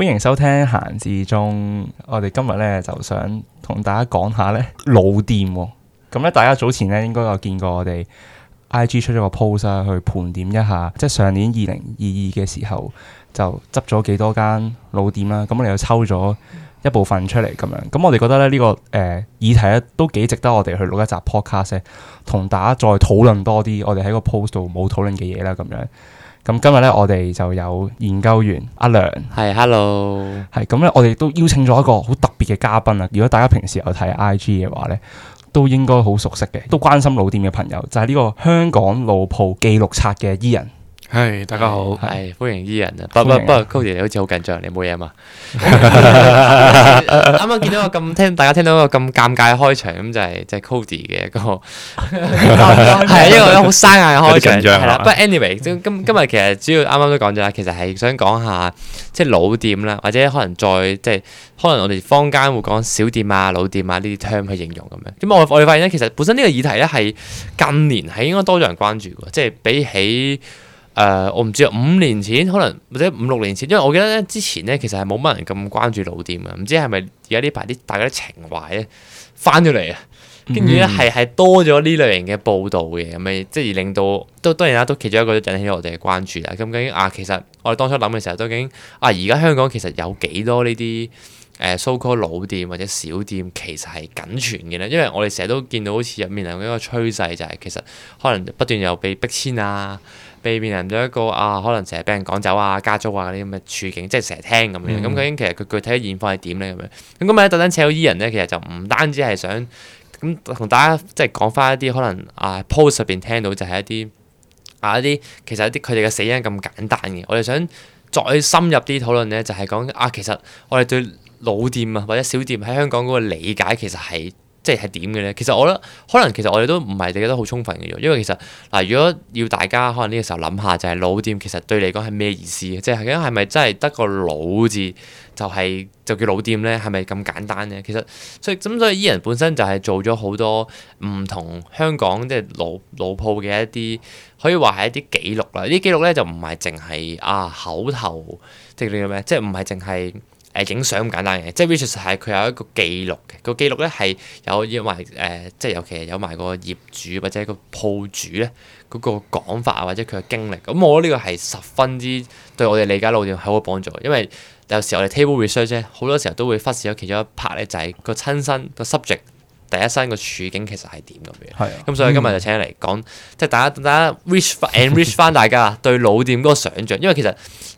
歡迎收聽閒置中，我哋今日咧就想同大家講下咧老店。咁咧，大家早前咧應該有見過我哋 IG 出咗個 post、啊、去盤點一下，即係上年二零二二嘅時候就執咗幾多間老店啦、啊。咁我哋又抽咗一部分出嚟咁樣。咁我哋覺得咧呢、這個誒、呃、議題咧都幾值得我哋去錄一集 podcast，同大家再討論多啲我哋喺個 post 度冇討論嘅嘢啦，咁樣。咁今日咧，我哋就有研究員阿涼，係，hello，係，咁 咧樂， 我哋都邀請咗一個好特別嘅嘉賓啊！如果大家平時有睇 IG 嘅話咧，都應該好熟悉嘅，都關心老店嘅朋友，就係、是、呢個香港老鋪記錄冊嘅 Ian。係、hey，大家好，係、哎、歡迎 Ian< 迎> But, but, 啊！不不不，Cody 你好似好緊張，你冇嘢嘛？啱啱見到個咁聽，大家聽到個咁尷尬嘅開場，咁就係、是、即係、就是、Cody 嘅一、那個，係啊，因為好生硬嘅開場係啦。但係 anyway，今今,今日其實主要啱啱都講咗啦，其實係想講下即係、就是、老店啦，或者可能再即係可能我哋坊間會講小店啊、老店啊呢啲 term 去形容咁樣。咁我我哋發現咧，其實本身呢個議題咧係近年係應該多咗人關注嘅，即、就、係、是、比起誒、呃，我唔知啊，五年前可能或者五六年前。因為我記得咧之前咧，其實係冇乜人咁關注老店嘅，唔知係咪而家呢排啲大家啲情懷咧翻咗嚟啊，跟住咧係係多咗呢類型嘅報道嘅，咁咪即係令到都當然啦，都其中一個都引起我哋嘅關注啦。咁究竟啊，其實我哋當初諗嘅時候，究竟啊而家香港其實有幾多呢啲誒 so-called 老店或者小店，其實係僅存嘅咧？因為我哋成日都見到好似入面有一個趨勢、就是，就係其實可能不斷又被逼遷啊。被面臨咗一個啊，可能成日俾人趕走啊、加租啊嗰啲咁嘅處境，即係成日聽咁、嗯、樣。咁究竟其實佢具體嘅現況係點咧？咁樣咁咁咪一陣間請到 Ian 咧，其實就唔單止係想咁同、嗯、大家即係講翻一啲可能啊 post 入邊聽到就係一啲啊一啲其實一啲佢哋嘅死因咁簡單嘅。我哋想再深入啲討論咧，就係、是、講啊，其實我哋對老店啊或者小店喺香港嗰個理解其實係。即係點嘅呢？其實我覺得可能其實我哋都唔係理解得好充分嘅，因為其實嗱，如果要大家可能呢個時候諗下，就係、是、老店其實對你嚟講係咩意思？即係係咪真係得個老字就係、是、就叫老店呢？係咪咁簡單呢？其實所以咁所以 Ian 本身就係做咗好多唔同香港即係老老舖嘅一啲可以話係一啲記錄啦。呢啲記錄呢，就唔係淨係啊口頭即係叫咩？即係唔係淨係。誒影相咁簡單嘅，即係 research 係佢有一個記錄嘅，個記錄咧係有要埋誒，即係、呃、尤其係有埋個業主或者個鋪主咧嗰個講法啊，或者佢嘅經歷。咁、嗯、我覺得呢個係十分之對我哋理解老店好有幫助，因為有時我哋 table research 咧好多時候都會忽視咗其中一 part 咧，就係個親身個 subject 第一身個處境其實係點咁樣。係、啊。咁、嗯、所以今日就請嚟講，即係大家、嗯、大家 enrich 翻大家 對老店嗰個想像，因為其實。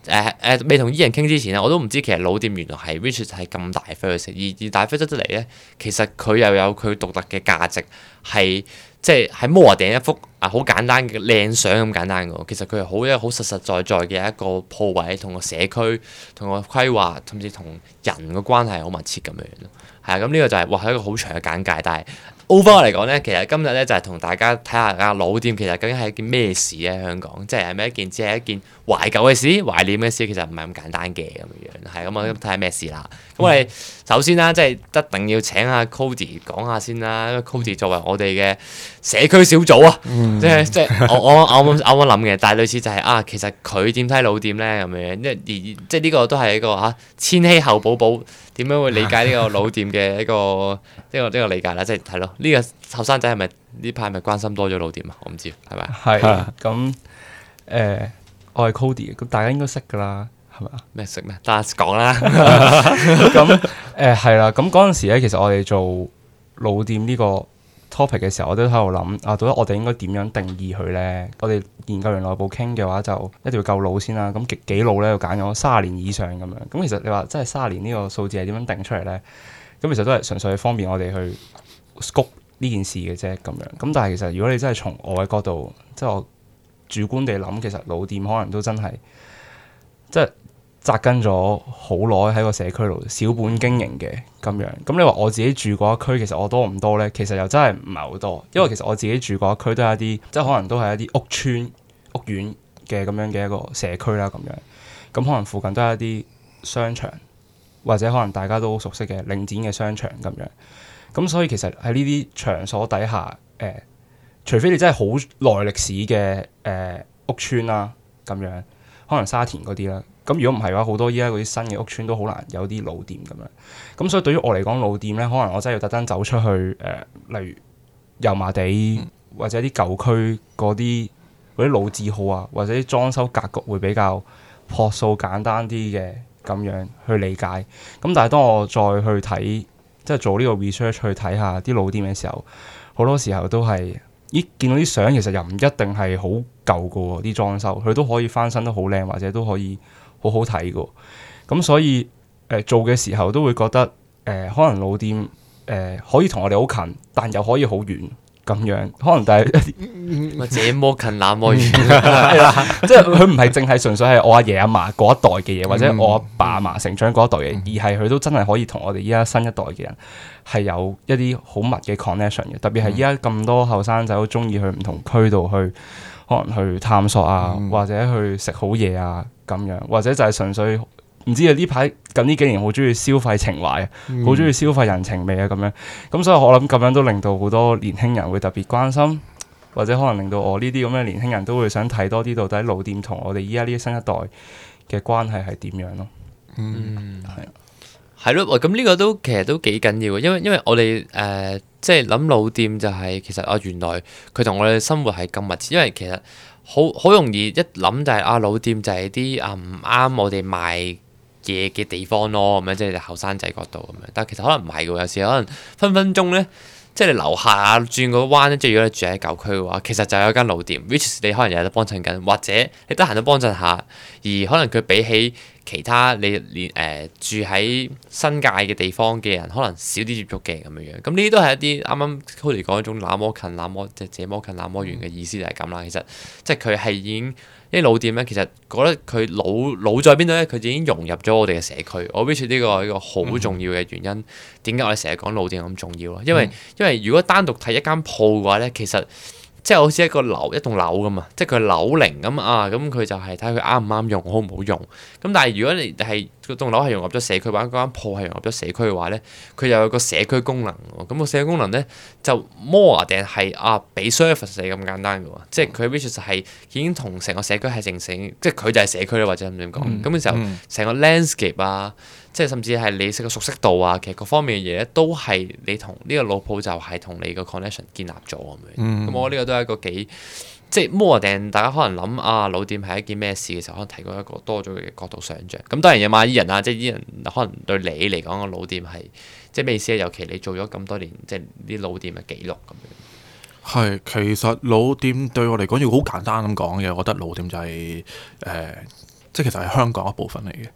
誒誒未同 Ian 傾之前咧，我都唔知其實老店原來係 which 係咁大 first 而而大 f 出得嚟咧，其實佢又有佢獨特嘅價值，係即係喺摩亞頂一幅啊好簡單嘅靚相咁簡單嘅喎，其實佢係好一個好實實在在嘅一個鋪位，同個社區、同個規劃，甚至同人嘅關係好密切咁樣樣係啊，咁呢、嗯呢個就係、話、哇，係一個好長嘅簡介，但係。overall 嚟講咧，其實今日咧就係、是、同大家睇下啊老店其實究竟係一件咩事咧、啊？香港即係係咪一件只係一件懷舊嘅事、懷念嘅事？其實唔係咁簡單嘅咁樣樣，係咁我睇下咩事啦。咁我哋首先啦、啊，即係一定要請阿、啊、Cody 講下先啦。因為 Cody 作為我哋嘅社區小組啊，即係即係我我啱啱啱啱諗嘅，但係類似就係、是、啊，其實佢點睇老店咧咁樣，即係即係呢個都係一個嚇、啊、千禧後寶寶。點樣會理解呢個老店嘅一個呢係我即理解啦，即係係咯，呢個後生仔係咪呢排係咪關心多咗老店啊？我唔知係咪。係咁誒，我係 Cody，咁大家應該識噶啦，係咪啊？咩識咩？大家講啦。咁誒係啦，咁嗰陣時咧，其實我哋做老店呢個。topic 嘅時候，我都喺度諗啊，到底我哋應該點樣定義佢咧？我哋研究完內部傾嘅話，就一定要夠老先啦、啊。咁幾幾老咧？要揀咗卅年以上咁樣。咁其實你話真係卅年呢個數字係點樣定出嚟咧？咁其實都係純粹係方便我哋去 scope 呢件事嘅啫咁樣。咁但係其實如果你真係從我嘅角度，即係我主觀地諗，其實老店可能都真係即係。紮根咗好耐喺個社區度，小本經營嘅咁樣。咁你話我自己住嗰一區，其實我多唔多呢？其實又真係唔係好多，因為其實我自己住嗰一區都係一啲即係可能都係一啲屋邨屋苑嘅咁樣嘅一個社區啦。咁樣咁可能附近都係一啲商場或者可能大家都熟悉嘅領展嘅商場咁樣。咁所以其實喺呢啲場所底下，誒、呃，除非你真係好耐歷史嘅誒、呃、屋邨啦，咁樣可能沙田嗰啲啦。咁如果唔係嘅話，好多依家嗰啲新嘅屋邨都好難有啲老店咁樣。咁所以對於我嚟講，老店呢可能我真係要特登走出去，誒、呃，例如油麻地或者啲舊區嗰啲嗰啲老字號啊，或者啲裝修格局會比較樸素簡單啲嘅，咁樣去理解。咁但係當我再去睇，即係做呢個 research 去睇下啲老店嘅時候，好多時候都係咦見到啲相，其實又唔一定係好舊噶喎、啊，啲裝修佢都可以翻新得好靚，或者都可以。好好睇嘅，咁所以誒、呃、做嘅時候都會覺得誒、呃，可能老店誒、呃、可以同我哋好近，但又可以好遠咁樣，可能但係咁啊，這麼近那麼遠，即係佢唔係淨係純粹係我阿爺阿嫲嗰一代嘅嘢，或者我阿爸阿媽成長嗰一代嘅，嗯、而係佢都真係可以同我哋依家新一代嘅人係有一啲好密嘅 connection 嘅，特別係依家咁多後生仔好中意去唔同區度去。可能去探索啊，嗯，或者去食好嘢啊，咁樣，或者就係純粹唔知啊，呢排近呢幾年好中意消費情懷啊，好中意消費人情味啊，咁樣。咁所以我諗咁樣都令到好多年輕人會特別關心，或者可能令到我呢啲咁嘅年輕人都會想睇多啲到底老店同我哋依家呢新一代嘅關係係點樣咯，啊。嗯，係。係咯，喂，咁呢個都其實都幾緊要嘅，因為因為我哋誒即係諗老店就係、是、其實啊原來佢同我哋生活係咁密切，因為其實好好容易一諗就係、是、啊老店就係啲啊唔啱我哋賣嘢嘅地方咯，咁樣即係你哋後生仔角度咁樣，但其實可能唔係嘅，有時可能分分鐘咧。即係你樓下轉個彎咧，即係如果你住喺舊區嘅話，其實就有一間老店，which is 你可能日日都幫襯緊，或者你得閒都幫襯下。而可能佢比起其他你連誒、呃、住喺新界嘅地方嘅人，可能少啲接觸嘅咁樣樣。咁呢啲都係一啲啱啱 Cody 講一種那麼近、那麼即係這麼近、那麼遠嘅意思就係咁啦。其實即係佢係已經。啲老店咧，其實覺得佢老老在邊度咧？佢已經融入咗我哋嘅社區。我認為呢個係一個好重要嘅原因。點解、嗯、我哋成日講老店咁重要啊？因為因為如果單獨睇一間鋪嘅話咧，其實即係好似一個樓一棟樓咁啊，即係佢嘅樓齡咁啊，咁佢就係睇下佢啱唔啱用，好唔好用。咁但係如果你係嗰棟樓係融合咗社區，或者嗰間鋪係融合咗社區嘅話咧，佢又有個社區功能喎。咁、個社區功能咧就 more 定係啊俾 service 咁簡單嘅喎，即係佢 which 就係已經同成個社區係形成，即係佢就係社區咧，或者唔點講？咁嘅、嗯、時候，成、嗯、個 landscape 啊。即係甚至係你食嘅熟悉度啊，其實各方面嘅嘢都係你同呢個老鋪就係同你個 connection 建立咗咁樣。咁、嗯、我呢個都係一個幾即係摩定大家可能諗啊老店係一件咩事嘅時候，可能提供一個多咗嘅角度想像。咁、嗯、當然有 Ian 啊，即係 Ian 可能對你嚟講個老店係即係咩意思啊？尤其你做咗咁多年，即係啲老店嘅記錄咁樣。係，其實老店對我嚟講要好簡單咁講嘅，我覺得老店就係、是、誒。呃即係其實係香港一部分嚟嘅，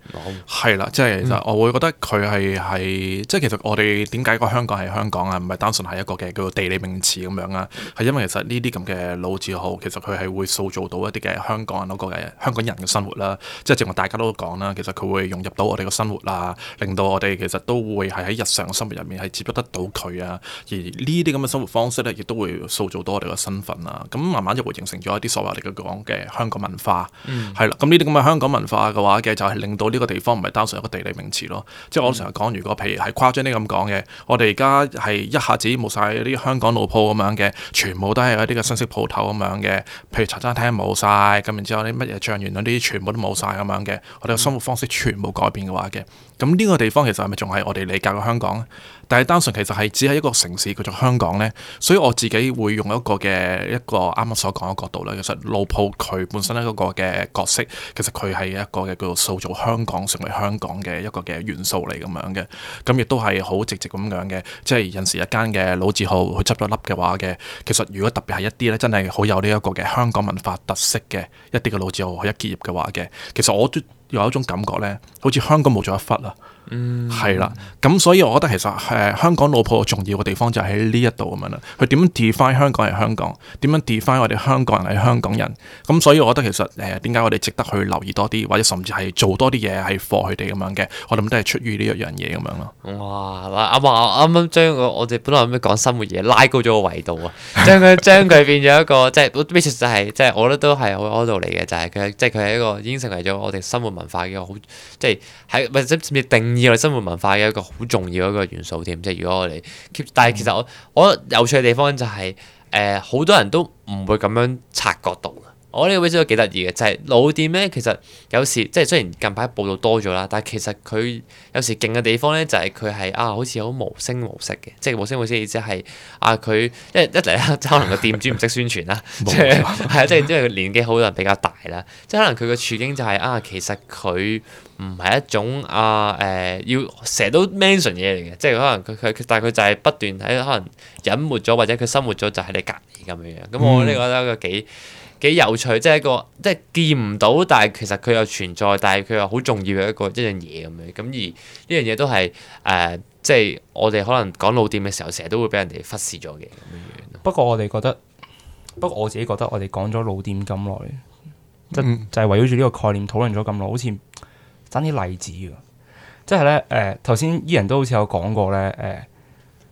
係啦、oh.，即係其實我會覺得佢係係即係其實我哋點解個香港係香港啊？唔係單純係一個嘅叫做地理名詞咁樣啊？係因為其實呢啲咁嘅老字號，其實佢係會塑造到一啲嘅香港嗰個嘅香港人嘅生活啦。即係正如大家都講啦，其實佢會融入到我哋嘅生活啊，令到我哋其實都會係喺日常生活入面係接觸得到佢啊。而呢啲咁嘅生活方式咧，亦都會塑造到我哋嘅身份啊。咁慢慢就會形成咗一啲所謂我哋嘅講嘅香港文化，係啦、mm.。咁呢啲咁嘅香港。嗯文化嘅話嘅就係令到呢個地方唔係單純一個地理名詞咯。即係我成日講，如果譬如係誇張啲咁講嘅，我哋而家係一下子冇晒啲香港老舖咁樣嘅，全部都係一啲嘅新式鋪頭咁樣嘅。譬如茶餐廳冇晒。咁然之後啲乜嘢醬園嗰啲全部都冇晒咁樣嘅，我哋嘅生活方式全部改變嘅話嘅。咁呢個地方其實係咪仲係我哋理解嘅香港咧？但係單純其實係只係一個城市叫做香港呢。所以我自己會用一個嘅一個啱啱所講嘅角度咧，其實老舖佢本身一個嘅角色，其實佢係一個嘅叫做塑造香港成為香港嘅一個嘅元素嚟咁樣嘅。咁亦都係好直直咁樣嘅，即係有時有一間嘅老字號去執咗笠嘅話嘅，其實如果特別係一啲咧，真係好有呢一個嘅香港文化特色嘅一啲嘅老字號去一結業嘅話嘅，其實我都，有一種感覺咧，好似香港冇咗一忽啊。嗯，係啦，咁所以我覺得其實誒、呃、香港老舖重要嘅地方就喺呢一度咁樣啦。佢點樣 define 香港係香港？點樣 define 我哋香港人係香港人？咁、嗯、所以我覺得其實誒點解我哋值得去留意多啲，或者甚至係做多啲嘢係 for 佢哋咁樣嘅，我諗都係出於呢一樣嘢咁樣咯。哇，阿媽，我啱啱將我我哋本來咁樣講生活嘢拉高咗個維度啊，將佢將佢變咗一個 即係，係即係，我覺得都係好角度嚟嘅，就係佢即係佢係一個已經成為咗我哋生活文化嘅好，即係喺以外生活文化嘅一個好重要一個元素添，即係如果我哋 keep，但係其實我我有趣嘅地方就係、是、誒，好、呃、多人都唔會咁樣察覺到。我呢個 research 都幾得意嘅，就係、是、老店咧，其實有時即係雖然近排報導多咗啦，但係其實佢有時勁嘅地方咧，就係佢係啊，好似好無聲無息嘅，即係無聲無息意思係啊，佢一來一嚟啊，即可能個店主唔識宣傳啦，即係即係因為年紀好多人比較大啦，即係可能佢個處境就係、是、啊，其實佢唔係一種啊誒、呃，要成日都 mention 嘢嚟嘅，即係可能佢佢但係佢就係不斷喺可能隱瞞咗，或者佢生活咗就喺、是、你隔離咁樣樣。咁我呢個都覺得幾 幾有趣，即係一個即係見唔到，但係其實佢又存在，但係佢又好重要嘅一個一樣嘢咁樣。咁而呢樣嘢都係誒、呃，即係我哋可能講老店嘅時候，成日都會俾人哋忽視咗嘅咁樣。不過我哋覺得，不過我自己覺得我，我哋講咗老店咁耐，就就係圍繞住呢個概念討論咗咁耐，好似爭啲例子。即係咧誒，頭先 Ian 都好似有講過咧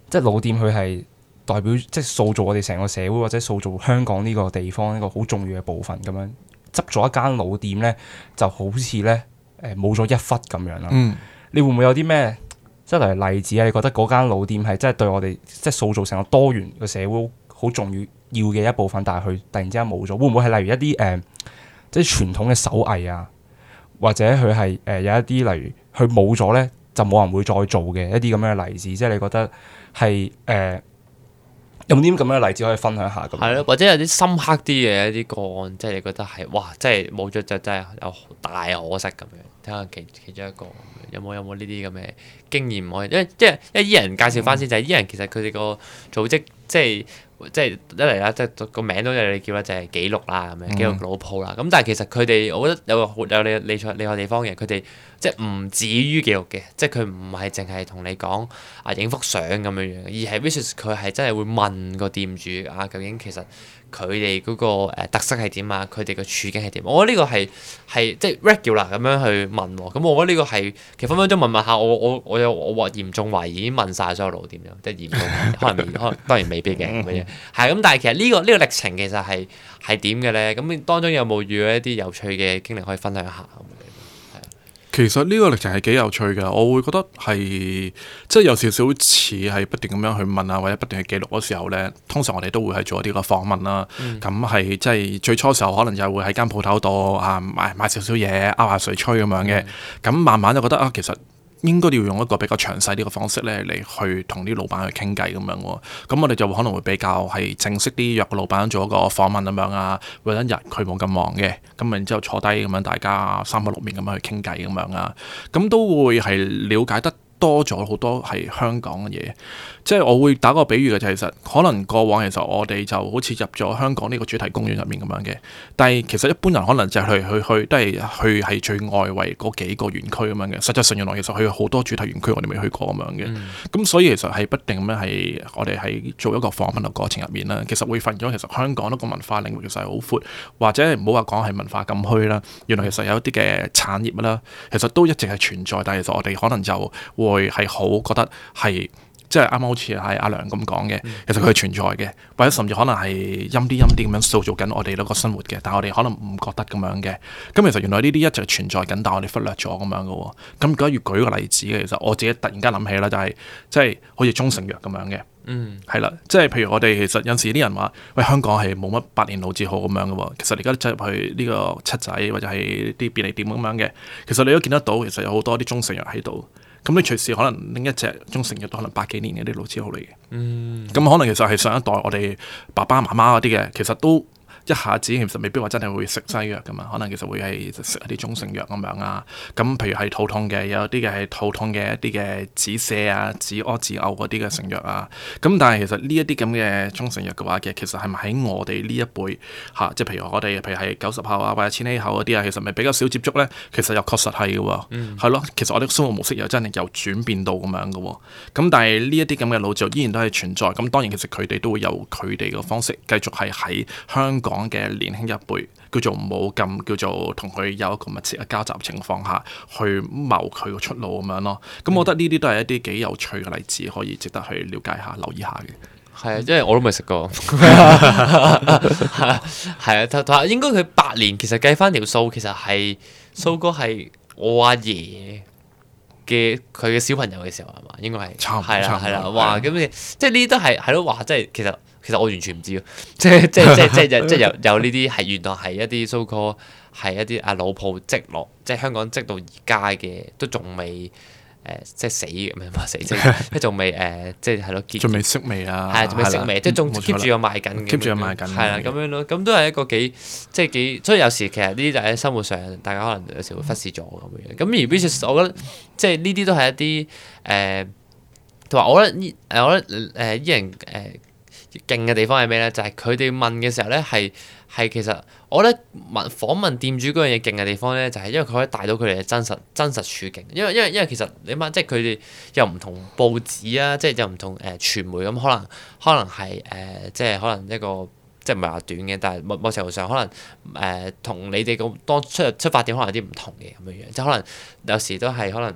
誒，即係老店佢係，代表即係塑造我哋成個社會，或者塑造香港呢個地方一個好重要嘅部分咁樣，執咗一間老店咧，就好似咧誒冇咗一忽咁樣啦。嗯，你會唔會有啲咩即係例如例子啊？你覺得嗰間老店係真係對我哋即係塑造成個多元嘅社會好重要要嘅一部分，但係佢突然之間冇咗，會唔會係例如一啲誒、呃、即係傳統嘅手藝啊，或者佢係誒有一啲例如佢冇咗咧，就冇人會再做嘅一啲咁樣嘅例子？即係你覺得係誒？呃有冇啲咁嘅例子可以分享下？咁係咯，或者有啲深刻啲嘅一啲個案，即係你覺得係哇，即係冇咗就真係有大可惜咁樣。睇下其其中一個有冇有冇呢啲咁嘅經驗，可以？即即係依啲人介紹翻先，嗯、就係依人其實佢哋個組織。即係即係一嚟啦，即係個名都有你叫啦，就係記錄啦咁樣，記錄老舖啦。咁、嗯、但係其實佢哋，我覺得有個好有你厲害地方嘅，佢哋即係唔止於記錄嘅，即係佢唔係淨係同你講啊影幅相咁樣樣，而係 vicious 佢係真係會問個店主啊究竟其實。佢哋嗰個特色係點啊？佢哋嘅處境係點？我覺得呢個係係即係 regular 咁樣去問喎。咁我覺得呢個係其實分分鐘問問下我我我有我話嚴重懷疑已經問曬所有路點樣，即係嚴重可能可當然未必嘅咁樣。係咁 但係其實呢個呢個歷程其實係係點嘅咧？咁你當中有冇遇到一啲有趣嘅經歷可以分享下？其實呢個歷程係幾有趣嘅，我會覺得係即係有少少似係不斷咁樣去問啊，或者不斷去記錄嘅時候呢，通常我哋都會係做一啲個訪問啦。咁係、嗯、即係最初時候可能就係會喺間鋪頭度啊買買少少嘢，吸下水吹咁樣嘅。咁、嗯、慢慢就覺得啊，其實，應該要用一個比較詳細啲嘅方式咧，嚟去同啲老闆去傾偈咁樣喎。咁我哋就可能會比較係正式啲，約個老闆做一個訪問咁樣啊。揾一日佢冇咁忙嘅，咁然之後坐低咁樣，大家三口六面咁樣去傾偈咁樣啊。咁都會係了解得。多咗好多係香港嘅嘢，即係我會打個比喻嘅，就係其實可能過往其實我哋就好似入咗香港呢個主題公園入面咁樣嘅，但係其實一般人可能就係去去去都係去係最外圍嗰幾個園區咁樣嘅。實際上原來其實去好多主題園區我哋未去過咁樣嘅，咁、嗯、所以其實係不定咁樣係我哋喺做一個訪問嘅過程入面啦。其實會發現咗其實香港一個文化領域其實係好闊，或者唔好話講係文化咁虛啦。原來其實有一啲嘅產業啦，其實都一直係存在，但係其實我哋可能就佢係好覺得係，即係啱啱好似係阿良咁講嘅，其實佢係存在嘅，或者甚至可能係陰啲陰啲咁樣塑造緊我哋嗰個生活嘅，但係我哋可能唔覺得咁樣嘅。咁其實原來呢啲一直存在緊，但係我哋忽略咗咁樣噶。咁而家要舉，舉個例子嘅，其實我自己突然間諗起啦，就係、是、即係好似中成藥咁樣嘅。嗯，係啦，即係譬如我哋其實有時啲人話，喂，香港係冇乜百年老字號咁樣噶，其實你而家走入去呢個七仔或者係啲便利店咁樣嘅，其實你都見得到，其實，其實有好多啲中成藥喺度。咁你隨時可能拎一隻中成藥都可能百幾年嘅啲老字號嚟嘅。嗯，咁可能其實係上一代我哋爸爸媽媽嗰啲嘅，其實都。一下子其實未必話真係會食西藥噶嘛，可能其實會係食一啲中成藥咁樣啊。咁譬如係肚痛嘅，有啲嘅係肚痛嘅一啲嘅止瀉啊、止屙止嘔嗰啲嘅成藥啊。咁但係其實呢一啲咁嘅中成藥嘅話的，其實係咪喺我哋呢一輩嚇、啊，即係譬如我哋譬如係九十後啊或者千禧後嗰啲啊，其實咪比較少接觸咧。其實又確實係嘅喎，係、嗯、咯。其實我哋生活模式又真係有轉變到咁樣嘅喎、啊。咁但係呢一啲咁嘅老舖依然都係存在。咁當然其實佢哋都會有佢哋嘅方式繼續係喺香港。講嘅年輕一輩，叫做唔好咁，叫做同佢有一個密切嘅交集情況下去謀佢嘅出路咁樣咯，咁我覺得呢啲都係一啲幾有趣嘅例子，可以值得去了解下、留意下嘅。係啊，因為我都未食過，係啊，係啊，應該佢八年其實計翻條數，其實係蘇哥係我阿爺嘅佢嘅小朋友嘅時候係嘛？應該係，係啦，係啦，哇！咁你即係呢啲都係係咯，哇！即係其實。其實我完全唔知，即係即係即係即係即係有有呢啲係原來係一啲 so call，係一啲阿老鋪積落，即係香港積到而家嘅都仲未誒、呃，即係死嘅，係唔死即係佢仲未誒，即係係咯結仲未息未啊，係仲未息未，了即係仲 keep 住有賣緊嘅 keep 住有賣緊，係啦咁樣咯，咁都係一個幾即係幾，所以有時其實呢啲就喺生活上，大家可能有時會忽視咗咁樣。咁而 Besides 我覺得即係呢啲都係一啲誒，同、呃、埋、呃、我覺得呢、呃呃、我覺得誒依、呃、人誒。勁嘅地方係咩咧？就係佢哋問嘅時候咧，係係其實我覺得問訪問店主嗰樣嘢勁嘅地方咧，就係、是、因為佢可以帶到佢哋嘅真實真實處境。因為因為因為其實你問即係佢哋又唔同報紙啊，即係又唔同誒、呃、傳媒咁，可能可能係誒、呃、即係可能一個即係唔係話短嘅，但係某、某程度上可能誒同、呃、你哋咁當出出發點可能有啲唔同嘅咁樣樣，即可能有時都係可能誒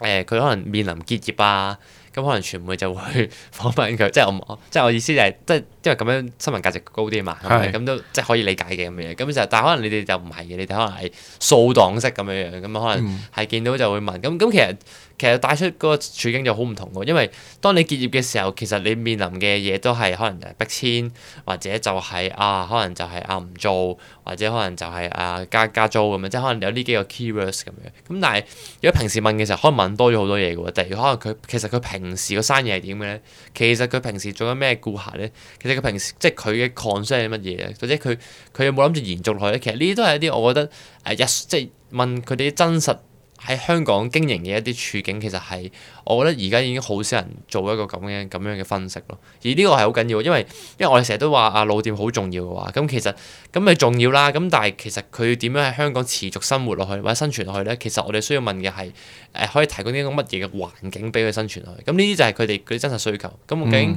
佢、呃、可能面臨結業啊。咁可能傳媒就會訪問佢，即係我，我，即係我意思就係、是、即係。因為咁樣新聞價值高啲啊嘛，咁是都即係可以理解嘅咁嘅嘢。咁其實但係可能你哋就唔係嘅，你哋可能係掃檔式咁樣樣，咁可能係見到就會問。咁咁、嗯、其實其實帶出嗰個處境就好唔同喎。因為當你結業嘅時候，其實你面臨嘅嘢都係可能誒逼遷，或者就係、是、啊可能就係、是、啊唔做、就是啊，或者可能就係、是、啊加加租咁樣，即係可能有呢幾個 key words 咁樣。咁但係如果平時問嘅時候，可能問多咗好多嘢嘅喎。例如可能佢其實佢平時個生意係點嘅咧？其實佢平時做緊咩顧客咧？其實。其實佢平時即係佢嘅 concern 係乜嘢，或者佢佢有冇諗住延續落去咧？其實呢啲都係一啲我覺得誒日、呃、即係問佢哋真實喺香港經營嘅一啲處境，其實係我覺得而家已經好少人做一個咁樣咁樣嘅分析咯。而呢個係好緊要，因為因為我哋成日都話阿老店好重要嘅話，咁其實咁咪重要啦。咁但係其實佢點樣喺香港持續生活落去或者生存落去咧？其實我哋需要問嘅係誒，可以提供啲乜嘢嘅環境俾佢生存落去。咁呢啲就係佢哋嗰啲真實需求。咁究竟？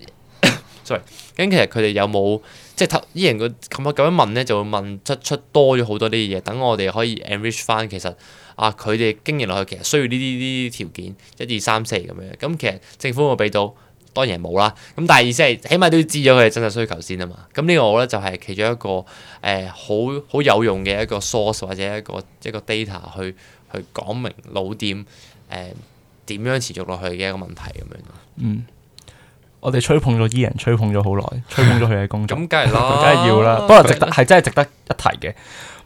嗯 Sorry, 咁其實佢哋有冇即係頭依然佢咁樣咁樣問咧，就會問出出多咗好多啲嘢。等我哋可以 enrich 翻，其實啊，佢哋經營落去其實需要呢啲啲條件，一二三四咁樣。咁、嗯、其實政府會俾到，當然係冇啦。咁但係意思係，起碼都要知咗佢嘅真實需求先啊嘛。咁、嗯、呢、呢個我覺得就係其中一個誒好好有用嘅一個 source 或者一個即個 data 去去講明老店誒點、呃、樣持續落去嘅一個問題咁樣。嗯。我哋吹捧咗 Ian，吹捧咗好耐，吹捧咗佢嘅工作。咁梗係梗係要啦。不過值得，係呢真係值得一提嘅。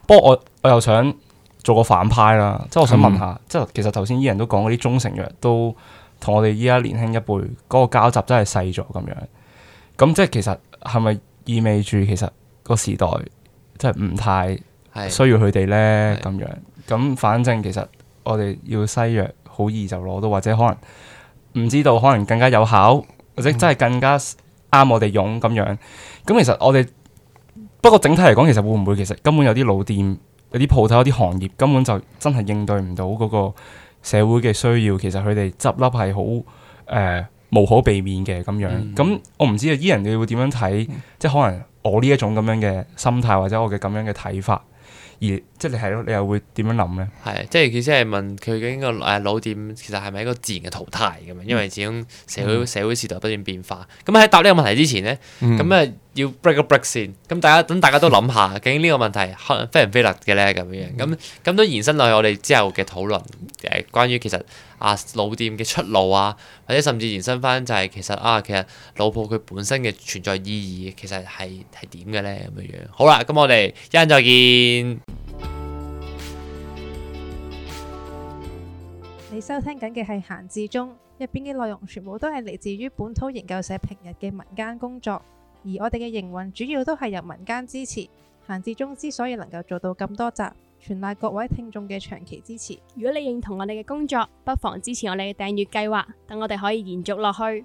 不過我我又想做個反派啦，即係我想問下，即係其實頭先 Ian 都講嗰啲中成藥都同我哋依家年輕一輩嗰個交集真係細咗咁樣。咁即係其實係咪意味住其實個時代即係唔太需要佢哋咧？咁樣咁反正其實我哋要西藥好易就攞到，或者可能唔知道可能更加有效。或者真係更加啱我哋用咁樣，咁其實我哋不過整體嚟講，其實會唔會其實根本有啲老店、有啲鋪頭、有啲行業根本就真係應對唔到嗰個社會嘅需要，其實佢哋執笠係好誒無可避免嘅咁樣。咁、嗯、我唔知啊，Ian 你會點樣睇？嗯、即係可能我呢一種咁樣嘅心態，或者我嘅咁樣嘅睇法。而即係你係咯，你又會點樣諗咧？係即係佢先係問佢究竟個誒、呃、老店，其實係咪一個自然嘅淘汰咁樣？因為始終社會、嗯、社會時代不斷變化。咁喺答呢個問題之前咧，咁誒、嗯。那嗯要 break 個 break 先，咁大家等大家都諗下，究竟呢個問題可能非然非立嘅咧，咁樣樣，咁咁都延伸落去我哋之後嘅討論，誒，關於其實啊老店嘅出路啊，或者甚至延伸翻就係其實啊其實老鋪佢本身嘅存在意義其實係係點嘅咧？咁樣樣。好啦，咁我哋一陣再見，你收聽緊嘅係閒置中入邊嘅內容，全部都係嚟自於本土研究社平日嘅民間工作。而我哋嘅營運主要都係由民間支持，閒置中之所以能夠做到咁多集，全賴各位聽眾嘅長期支持。如果你認同我哋嘅工作，不妨支持我哋嘅訂閱計劃，等我哋可以延續落去。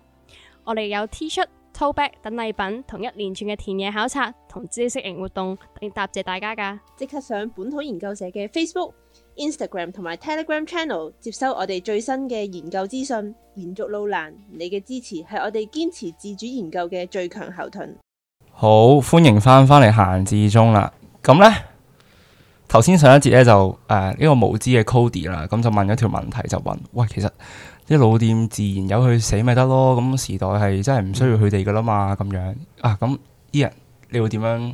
我哋有 T 恤、Tote Bag 等禮品，同一連串嘅田野考察同知識型活動，嚟答謝大家噶。即刻上本土研究社嘅 Facebook。Instagram 同埋 Telegram Channel 接收我哋最新嘅研究資訊，延續路難，你嘅支持係我哋堅持自主研究嘅最強後盾。好歡迎翻返嚟閒置中啦，咁呢，頭先上一節咧就誒呢、呃這個無知嘅 Cody 啦，咁、嗯、就問咗條問題就問，喂，其實啲老店自然由佢死咪得咯，咁時代係真係唔需要佢哋噶啦嘛，咁樣啊，咁 Ian 你會點樣？啊嗯 Ian,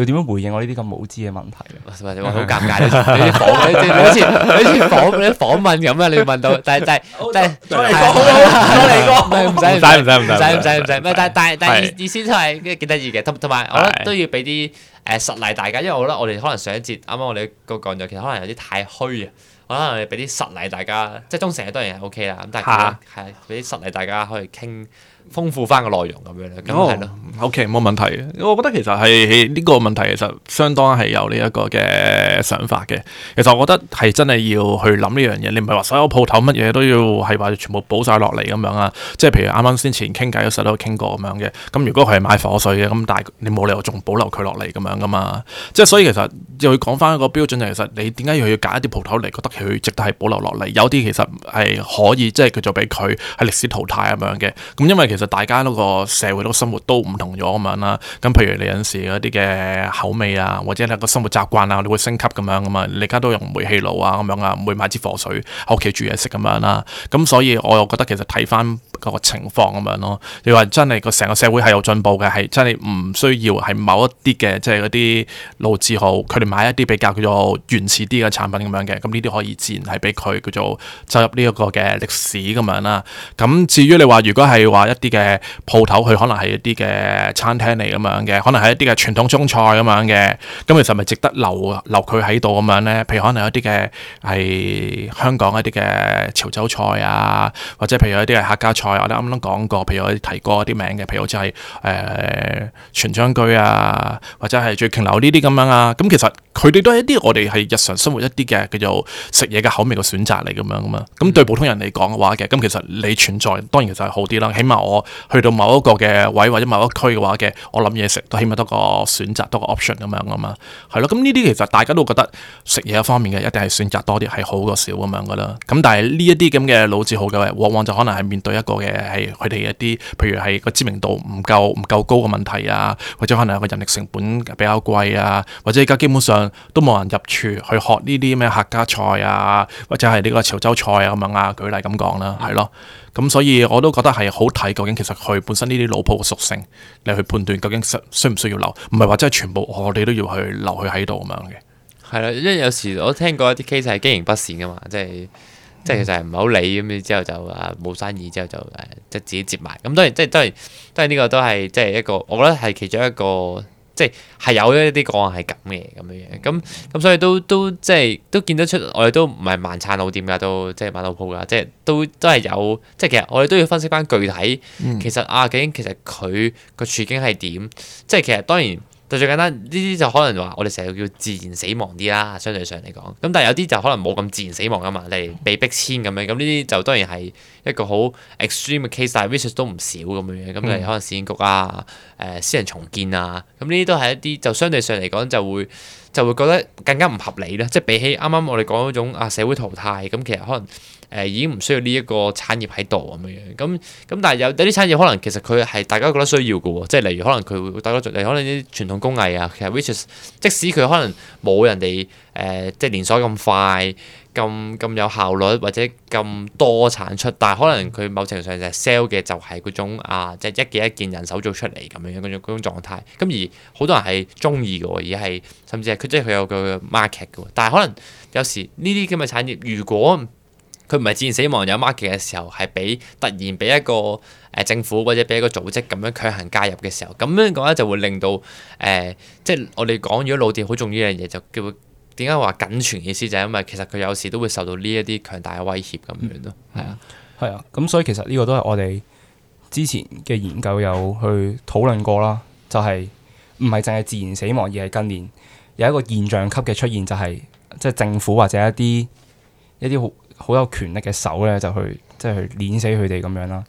佢點樣回應我呢啲咁無知嘅問題？好尷尬，好似好似訪問咁啊！ 你問到，但但但係講啊，講嚟講唔使唔使唔使唔使唔使唔使，但 但但意意思都係幾得意嘅。同同埋我覺得都要俾啲誒實例大家，因為我覺得我哋可能上一節啱啱我哋都講咗，其實可能有啲太虛啊。可能俾啲實例大家，即係中性嘅當然係 OK 啦。咁但係係俾啲實例大家可以傾。豐富翻個內容咁樣係咯，oh,，OK，冇問題。我覺得其實係呢個問題，其實相當係有呢一個嘅想法嘅。其實我覺得係真係要去諗呢樣嘢。你唔係話所有鋪頭乜嘢都要係話全部保晒落嚟咁樣啊。即係譬如啱啱先前傾偈嗰時都有傾過咁樣嘅。咁如果佢係買火水嘅，咁但係你冇理由仲保留佢落嚟咁樣噶嘛？即係所以其實又要講翻一個標準，就其實你點解要要揀一啲鋪頭嚟覺得佢值得係保留落嚟？有啲其實係可以，即係佢就俾佢係歷史淘汰咁樣嘅。咁因為其就大家嗰個社會嗰個生活都唔同咗咁樣啦，咁譬如你有陣時嗰啲嘅口味啊，或者你個生活習慣啊，你會升級咁樣咁啊，你而家都用煤氣爐啊咁樣啊，唔會買支火水喺屋企煮嘢食咁樣啦。咁所以我又覺得其實睇翻個情況咁樣咯。你話真係個成個社會係有進步嘅，係真係唔需要係某一啲嘅，即係嗰啲老字號佢哋買一啲比較叫做原始啲嘅產品咁樣嘅。咁呢啲可以自然係俾佢叫做走入呢一個嘅歷史咁樣啦。咁至於你話如果係話一啲。嘅鋪頭，佢可能係一啲嘅餐廳嚟咁樣嘅，可能係一啲嘅傳統中菜咁樣嘅，咁其實咪值得留留佢喺度咁樣咧？譬如可能有一啲嘅係香港一啲嘅潮州菜啊，或者譬如有一啲嘅客家菜，我哋啱啱講過，譬如我哋提過一啲名嘅，譬如就係、是、誒、呃、全章居啊，或者係醉瓊樓呢啲咁樣啊，咁其實。佢哋都係一啲我哋係日常生活一啲嘅叫做食嘢嘅口味嘅選擇嚟咁樣噶嘛？咁對普通人嚟講嘅話嘅，咁其實你存在當然其實係好啲啦。起碼我去到某一個嘅位或者某一個區嘅話嘅，我諗嘢食都起碼得個選擇多個 option 咁樣噶嘛？係咯，咁呢啲其實大家都覺得食嘢一方面嘅一定係選擇多啲係好過少咁樣噶啦。咁但係呢一啲咁嘅老字號嘅，往往就可能係面對一個嘅係佢哋一啲，譬如係個知名度唔夠唔夠高嘅問題啊，或者可能係個人力成本比較貴啊，或者而家基本上。都冇人入廚去學呢啲咩客家菜啊，或者係呢個潮州菜啊咁樣啊，舉例咁講啦，係咯。咁所以我都覺得係好睇，究竟其實佢本身呢啲老鋪嘅屬性，你去判斷究竟需唔需要留，唔係話真係全部我哋都要去留佢喺度咁樣嘅。係啦，因為有時我聽過一啲 case 係經營不善噶嘛，即係即係其實係唔好理咁，之後就啊冇生意，之後就誒即係自己接埋。咁當然即係當然，都係呢個都係即係一個，我覺得係其中一個。即係有一啲個案係咁嘅咁樣嘅，咁咁所以都都即係都見得出，我哋都唔係盲撐老店㗎，都即係盲老鋪㗎，即係都都係有，即係其實我哋都要分析返具體，嗯、其實啊究竟其實佢個處境係點？即係其實當然。就最簡單，呢啲就可能話我哋成日叫自然死亡啲啦，相對上嚟講。咁但係有啲就可能冇咁自然死亡噶嘛，例如被逼遷咁樣。咁呢啲就當然係一個好 extreme case，但係 which 都唔少咁樣嘅。咁例如可能市建局啊、誒、呃、私人重建啊，咁呢啲都係一啲就相對上嚟講就會。就會覺得更加唔合理啦，即係比起啱啱我哋講嗰種啊社會淘汰咁，其實可能誒、呃、已經唔需要呢一個產業喺度咁樣樣，咁咁但係有有啲產業可能其實佢係大家覺得需要嘅喎，即係例如可能佢會帶到誒，可能啲傳統工藝啊，其實 whiches 即使佢可能冇人哋誒、呃、即係連鎖咁快。咁咁有效率或者咁多產出，但係可能佢某程度上就係 sell 嘅就係嗰種啊，即係一件一件人手做出嚟咁樣樣種種狀態。咁而好多人係中意嘅而係甚至係佢即係佢有個 market 嘅但係可能有時呢啲咁嘅產業，如果佢唔係自然死亡有 market 嘅時候，係俾突然俾一個誒、呃、政府或者俾一個組織咁樣強行加入嘅時候，咁樣講話就會令到誒、呃，即係我哋講如果老店好重要一樣嘢就叫。點解話僅存意思就係因為其實佢有時都會受到呢一啲強大嘅威脅咁樣咯，係、嗯嗯、啊，係啊、嗯，咁所以其實呢個都係我哋之前嘅研究有去討論過啦，就係唔係淨係自然死亡，而係近年有一個現象級嘅出現，就係即係政府或者一啲一啲好好有權力嘅手咧，就是、去即係去碾死佢哋咁樣啦。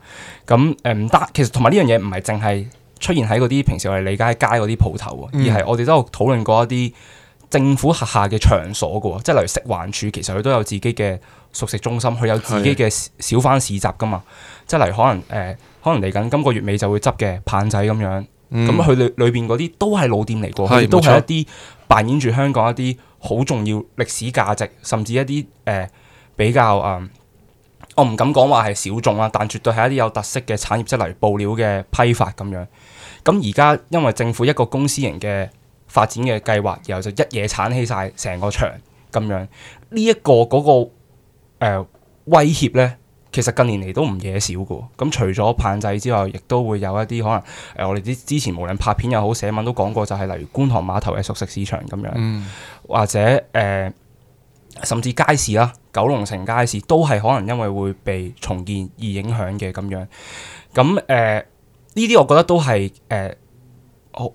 咁誒唔得，其實同埋呢樣嘢唔係淨係出現喺嗰啲平時我哋理解街嗰啲鋪頭，而係我哋都度討論過一啲。政府轄下嘅場所嘅，即係例如食環署，其實佢都有自己嘅熟食中心，佢有自己嘅小販市集噶嘛。是的 即係例如可能誒、呃，可能嚟緊今個月尾就會執嘅棚仔咁樣。咁佢裏裏邊嗰啲都係老店嚟過，亦的都係一啲扮演住香港一啲好重要歷史價值，甚至一啲誒、呃、比較誒、呃，我唔敢講話係小眾啦，但絕對係一啲有特色嘅產業，即係例如布料嘅批發咁樣。咁而家因為政府一個公司型嘅。發展嘅計劃，然後就一夜鏟起晒成個場咁樣，呢、這、一個嗰、那個誒、呃、威脅呢，其實近年嚟都唔惹少嘅。咁、嗯、除咗棚仔之外，亦都會有一啲可能誒、呃，我哋之之前無論拍片又好寫文都講過，就係、是、例如觀塘碼頭嘅熟食市場咁樣，或者誒、呃、甚至街市啦，九龍城街市都係可能因為會被重建而影響嘅咁樣。咁誒呢啲我覺得都係誒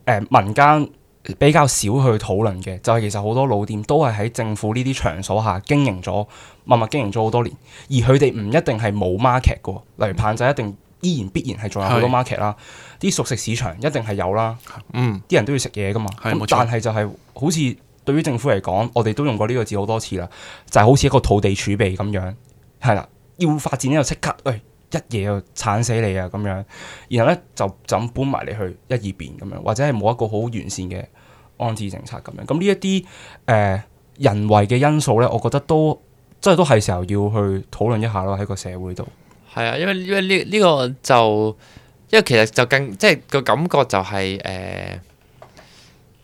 誒民間。比較少去討論嘅，就係、是、其實好多老店都係喺政府呢啲場所下經營咗，默默經營咗好多年，而佢哋唔一定係冇 market 嘅。例如棚仔一定依然必然係仲有好多 market 啦是，啲熟食市場一定係有啦。嗯，啲人都要食嘢㗎嘛。但係就係、是、好似對於政府嚟講，我哋都用過呢個字好多次啦，就係、是、好似一個土地儲備咁樣，係啦，要發展呢就即刻，喂、哎！一夜就鏟死你啊咁樣，然後咧就就搬埋你去一二邊咁樣，或者係冇一個好完善嘅安置政策咁樣。咁呢一啲誒人為嘅因素咧，我覺得都即係都係時候要去討論一下咯，喺個社會度。係啊，因為因為呢呢個就因為其實就更即係個感覺就係誒，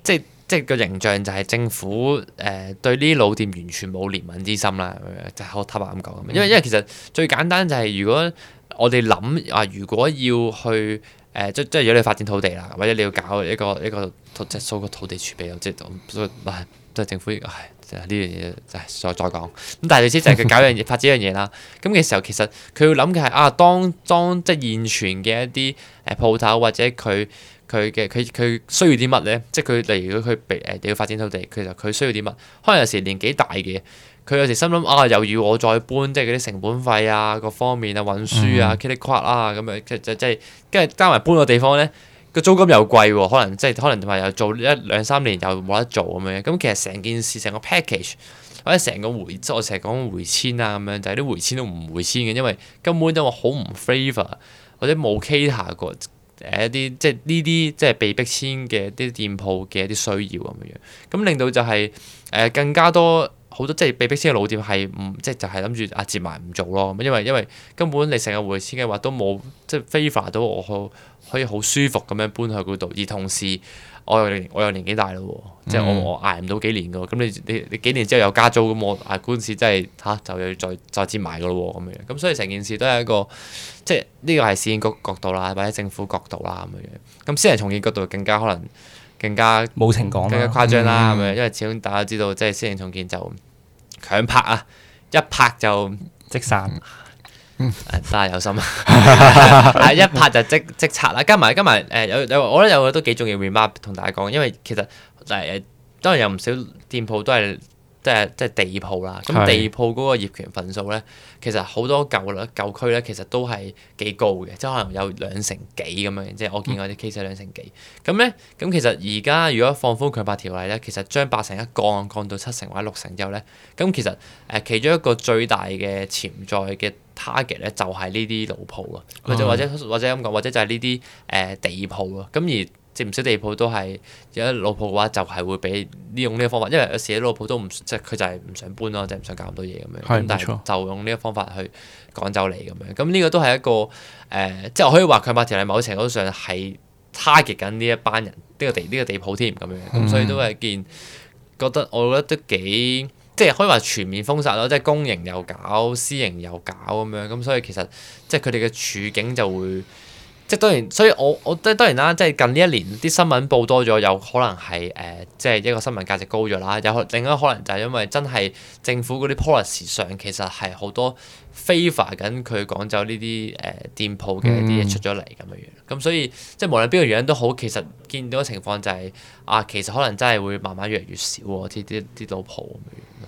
即係。即係個形象就係政府誒、呃、對呢啲老店完全冇憐憫之心啦，就係好坦白咁講，因為因為其實最簡單就係如果我哋諗啊，如果要去誒、呃、即即係如果你發展土地啦，或者你要搞一、這個一、這個即係個土地儲備，即係都都都係政府，呢樣嘢再再講。咁但係你知就係佢搞一樣嘢發展一樣嘢啦，咁嘅時候其實佢要諗嘅係啊，當當,當即係現存嘅一啲誒鋪頭或者佢。佢嘅佢佢需要啲乜咧？即係佢例如如果佢被誒你要發展土地，其實佢需要啲乜？可能有時年紀大嘅，佢有時心諗啊，又要我再搬，即係嗰啲成本費啊、各方面啊、運輸啊、k i l i 啊咁樣，即即即係跟住加埋搬個地方咧，個租金又貴喎、啊，可能即係可能話又做一兩三年又冇得做咁樣。咁其實成件事成個 package 或者成個回即我成日講回遷啊咁樣，就係、是、啲回遷都唔回遷嘅，因為根本因為好唔 favour 或者冇 cater 過。誒一啲即係呢啲即係被逼遷嘅啲店鋪嘅一啲需要咁樣，咁令到就係、是、誒、呃、更加多好多即係被逼遷嘅老店係唔即係就係諗住摺埋唔做咯，因為因為根本你成日回遷嘅話都冇即係 favor 到我好可以好舒服咁樣搬去嗰度，而同時。我又我又年紀大咯喎，即係我捱唔到幾年噶喎，咁、嗯、你你你幾年之後又加租咁我捱嗰陣時真係嚇、啊、就又要再再執埋噶咯喎咁樣，咁所以成件事都係一個即係呢個係市建局角度啦，或者政府角度啦咁樣，咁私人重建角度更加可能更加冇情講，更加誇張啦，係咪、嗯？因為始終大家知道即係私人重建就強拍啊，一拍就即散。嗯。真係有心，但係 一拍就即即拆啦，加埋加埋，誒、呃、有有，我覺得有個都幾重要 remark 同大家講，因為其實誒、呃、當然有唔少店鋪都係。即係即係地鋪啦，咁地鋪嗰個業權份數咧，是其實好多舊啦舊區咧，其實都係幾高嘅，即係可能有兩成幾咁樣，嗯、即係我見過啲 case 係兩成幾。咁咧，咁其實而家如果放寬強拍條例咧，其實將八成一降降到七成或者六成之後咧，咁其實誒、呃、其中一個最大嘅潛在嘅 target 咧，就係呢啲老鋪啊、嗯，或者或者或者咁講，或者就係呢啲誒地鋪啊，咁而。即唔少地鋪都係，而家老鋪嘅話就係會俾利用呢個方法，因為有時啲老鋪都唔即係佢就係唔想搬咯，即係唔想搞咁多嘢咁樣。咁是但係沒錯 就用呢個方法去趕走你咁樣。咁呢個都係一個誒、呃，即係我可以話佢強拍條例喺某程度上係 target 緊呢一班人，呢、呢個地呢、呢個地鋪添咁樣。咁所以都係一件、嗯、覺得我覺得都幾即係可以話全面封殺咯，即係公營又搞，私營又搞咁樣。咁所以其實即係佢哋嘅處境就會。即係當然，所以我我即係當然啦。即係近呢一年啲新聞報多咗，有可能係誒、呃，即係一個新聞價值高咗啦。有可另一個可能就係因為真係政府嗰啲 policy 上其實係好多 favor 緊佢，趕走呢啲誒店鋪嘅一啲嘢出咗嚟咁樣。咁、嗯、所以即係無論邊個原因都好，其實見到嘅情況就係、是、啊，其實可能真係會慢慢越嚟越少啲啲啲老舖咁樣。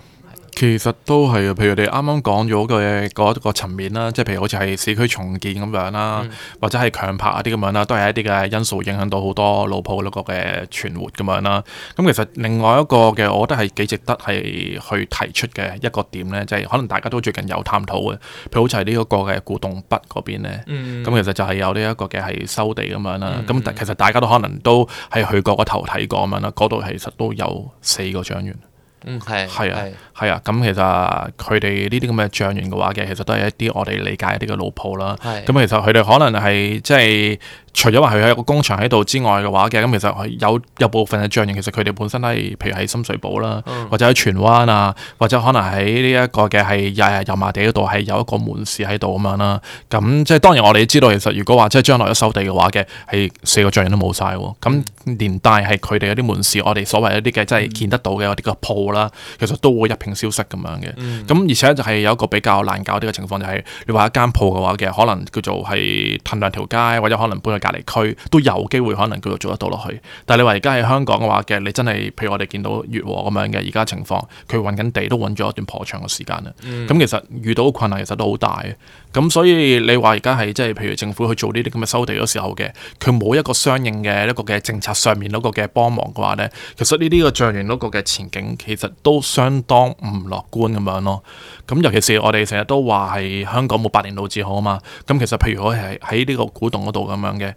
其實都係，譬如你啱啱講咗嘅嗰一個層面啦，即係譬如好似係市區重建咁樣啦，嗯、或者係強拍啊啲咁樣啦，都係一啲嘅因素影響到好多老鋪嗰個嘅存活咁樣啦。咁其實另外一個嘅，我覺得係幾值得係去提出嘅一個點咧，即、就、係、是、可能大家都最近有探討嘅，譬如好似係呢一個嘅古洞北嗰邊咧，咁、嗯、其實就係有呢一個嘅係收地咁樣啦。咁、嗯、其實大家都可能都係去過嗰個頭睇過咁樣啦，嗰度其實都有四個醬園。嗯，係係啊，係啊，咁其實佢哋呢啲咁嘅醬園嘅話嘅其實都係一啲我哋理解一啲嘅老鋪啦，咁的其實佢哋可能係即係除咗話佢喺一個工場喺度之外嘅話嘅，咁其實有有部分嘅醬園其實佢哋本身都係譬如喺深水埗啦，嗯、或者喺荃灣啊，或者可能喺呢一個嘅係又係油麻地嗰度係有一個門市喺度咁樣啦，咁即係當然我哋知道，其實如果話即係將來一收地嘅話嘅，係四個醬園都冇晒，咁連帶係佢哋嗰啲門市，我哋所謂一啲嘅即係見得到嘅一啲嘅鋪。嗯啦，其實都會一平消失咁樣嘅。咁、嗯、而且就係有一個比較難搞啲嘅情況就的的，就係你話一間鋪嘅話，其實可能叫做係褪兩條街，或者可能搬去隔離區，都有機會可能叫做做得到落去。但係你話而家喺香港嘅話嘅，你真係譬如我哋見到悅和咁樣嘅而家情況，佢揾緊地都揾咗一段頗長嘅時間啦。咁、嗯、其實遇到困難其實都好大。咁所以你話而家係即係譬如政府去做呢啲咁嘅收地嗰時候嘅，佢冇一個相應嘅一個嘅政策上面嗰個嘅幫忙嘅話呢，其實呢啲嘅醬園嗰個嘅前景其實都相當唔樂觀咁樣咯。咁尤其是我哋成日都話係香港冇百年老字號啊嘛。咁其實譬如我係喺呢個古洞嗰度咁樣嘅。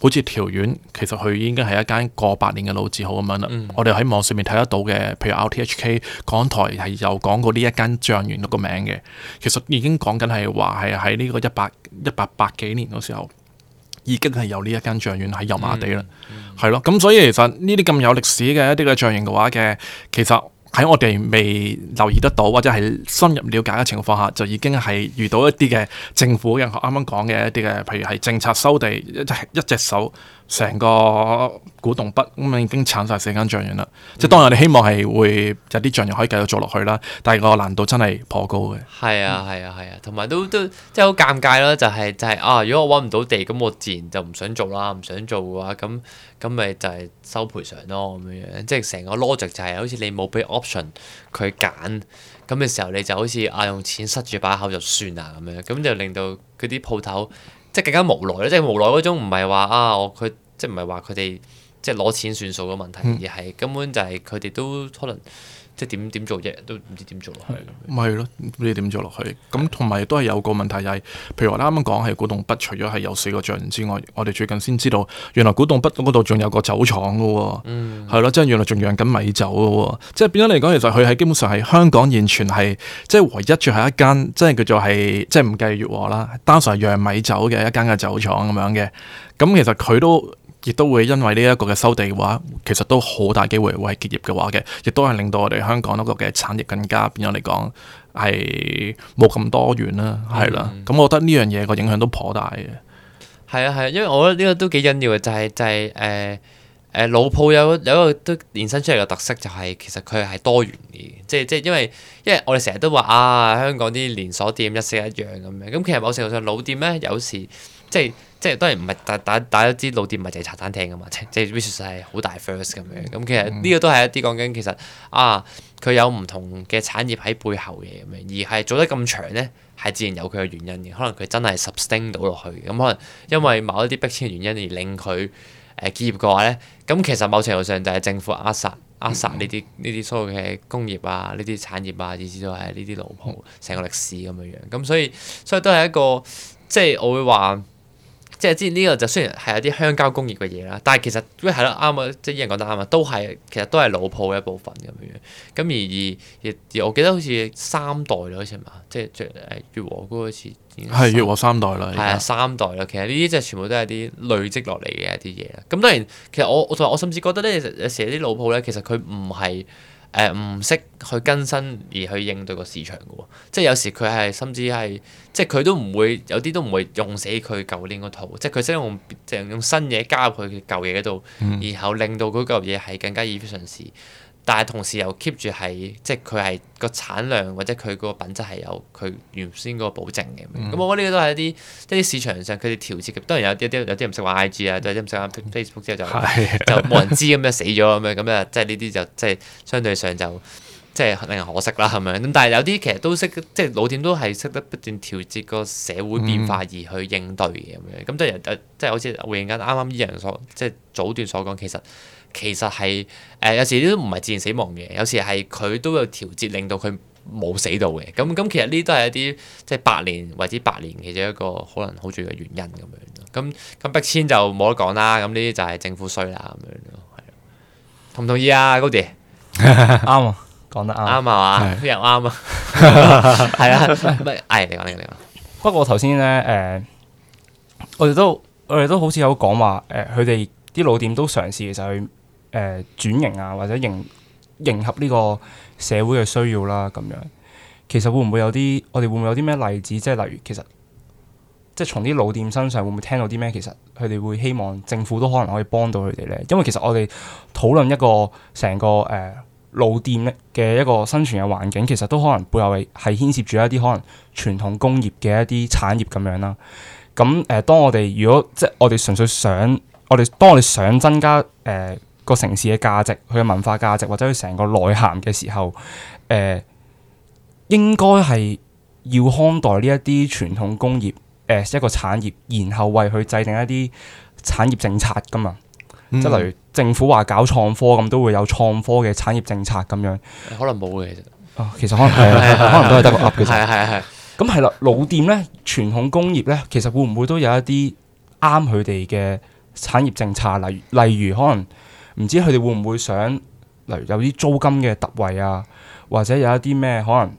好似調源，其實佢已經係一間過百年嘅老字號咁樣啦。嗯、我哋喺網上面睇得到嘅，譬如 RTHK 港台係有講過呢一間醬園個名嘅，嗯、其實已經講緊係話係喺呢個一百一百八幾年嗰時候，已經係有呢一間醬園喺油麻地啦。係咯、嗯，咁、嗯、所以其實呢啲咁有歷史嘅一啲嘅醬園嘅話嘅，其實。喺我哋未留意得到或者係深入了解嘅情況下，就已經係遇到一啲嘅政府，任何啱啱講嘅一啲嘅，譬如係政策收地一隻一隻手。成個古洞北咁啊、嗯，已經鏟晒四間醬園啦！即係當然我哋希望係會有啲醬園可以繼續做落去啦，但係個難度真係頗高嘅。係、嗯、啊，係啊，係啊，同埋都都即係好尷尬咯，就係、是、就係、是、啊！如果我揾唔到地，咁我自然就唔想做啦，唔想做嘅話，咁咁咪就係收賠償咯咁樣樣。即係成個邏輯就係、是、好似你冇俾 option 佢揀，咁嘅時候你就好似啊用錢塞住把口就算啊咁樣，咁就令到嗰啲鋪頭，即係更加無奈咯，即係無奈嗰種，唔係話啊我佢即係唔係話佢哋即係攞錢算數嘅問題，而係根本就係佢哋都可能。即係點點做啫？都唔知點做落去、啊、去。咯，唔係咯，唔知點做落去。咁同埋都係有個問題就係、是，譬如我啱啱講係古洞北，除咗係有四個象之外，我哋最近先知道原來古洞北嗰度仲有個酒廠噶喎、哦。係咯、嗯哦，即係原來仲釀緊米酒噶喎。即係變咗嚟講，其實佢係基本上係香港完全係即係唯一仲係一間即係叫做係即係唔計悅和啦，單純係釀米酒嘅一間嘅酒廠咁樣嘅。咁其實佢都。亦都會因為呢一個嘅收地嘅話，其實都好大機會會係結業嘅話嘅，亦都係令到我哋香港嗰個嘅產業更加，變咗，嚟講係冇咁多元、啊、啦，係啦、嗯。咁、嗯、我覺得呢樣嘢個影響都頗大嘅。係啊，係、啊，因為我覺得呢個都幾緊要嘅，就係、係、就係誒誒老鋪有有一個都延伸出嚟嘅特色、就係，就係其實佢係多元嘅，即即因為因為我哋成日都話啊，香港啲連鎖店一式一樣咁樣，咁其實某程度上老店咧有時即係。即即即即係當然唔係大、大家都知老店，唔係淨係茶餐廳噶嘛，即係事實係好 diverse 咁樣。咁其實呢個都係一啲講緊，其實啊，佢有唔同嘅產業喺背後嘅咁樣，而係做得咁長咧，係自然有佢嘅原因嘅。可能佢真係 sustain 到落去，咁、嗯、可能因為某一啲逼遷嘅原因而令佢誒結業嘅話咧，咁其實某程度上就係政府扼殺扼殺呢啲呢啲所有嘅工業啊，呢啲產業啊，以至都係呢啲老舖成、嗯、個歷史咁樣樣。咁所以所以，所以都係一個即係我會話。即係之前呢個就雖然係有啲鄉郊工業嘅嘢啦，但係其實喂，係咯啱啊，即係啲人講得啱啊，都係其實都係老鋪嘅一部分咁樣樣。咁而而而我記得好似三代啦，好似係嘛？即係越誒悅和好似。係悅和三代啦。係啊，三代啦，其實呢啲就全部都係啲累積落嚟嘅一啲嘢啦。咁當然，其實我我同埋我甚至覺得咧，有時啲老鋪咧，其實佢唔係。誒唔識去更新而去應對個市場嘅喎、哦，即係有時佢係甚至係，即係佢都唔會有啲都唔會用死佢舊年嗰套，即係佢想用即係用新嘢加入佢舊嘢嗰度，嗯、然後令到嗰舊嘢係更加易上時。但係同時又 keep 住係，即係佢係個產量或者佢嗰個品質係有佢原先嗰個保證嘅。咁、嗯、我覺得呢個都係一啲，即係市場上佢哋調節嘅。當然有啲啲有啲唔識玩 IG 啊，有啲唔識玩 Facebook 之後就、嗯、就冇 人知咁就死咗咁樣咁啊！即係呢啲就即係相對上就即係令人可惜啦係咪咁樣？咁但係有啲其實都識，即係老店都係識得不斷調節個社會變化而去應對嘅咁、嗯嗯嗯嗯、樣。咁即係即係好似回應緊啱啱依人所即係早段所講，其實。其實係誒有時啲都唔係自然死亡嘅，有時係佢都有調節，令到佢冇死到嘅。咁咁其實呢都係一啲即係百年或者百年嘅一個可能好重要嘅原因咁樣。咁咁逼遷就冇得講啦。咁呢啲就係政府衰啦咁樣咯，係同唔同意啊，高啲啱啊，講得啱啱係嘛？邊人啱啊？係啊，咩？你講你講不過我頭先咧誒，我哋都我哋都好似有講話誒，佢哋啲老店都嘗試其實去。誒，轉、呃、型啊，或者迎迎合呢個社會嘅需要啦，咁樣其實會唔會有啲？我哋會唔會有啲咩例子？即係例如，其實即係從啲老店身上會唔會聽到啲咩？其實佢哋會希望政府都可能可以幫到佢哋咧。因為其實我哋討論一個成個誒老、呃、店嘅一個生存嘅環境，其實都可能背後係係牽涉住一啲可能傳統工業嘅一啲產業咁樣啦。咁誒、呃，當我哋如果即係我哋純粹想，我哋當我哋想增加誒。呃個城市嘅價值，佢嘅文化價值，或者佢成個內涵嘅時候，誒、呃，應該係要看待呢一啲傳統工業誒、呃，一個產業，然後為佢制定一啲產業政策㗎嘛。即係、嗯、例如政府話搞創科咁，都會有創科嘅產業政策咁樣。可能冇嘅，其實啊、哦，其實可能係， 可能都係得個噏嘅，其實係係係咁係啦。老店咧，傳統工業咧，其實會唔會都有一啲啱佢哋嘅產業政策？例如，例如可能。唔知佢哋會唔會想，例如有啲租金嘅特惠啊，或者有一啲咩可能？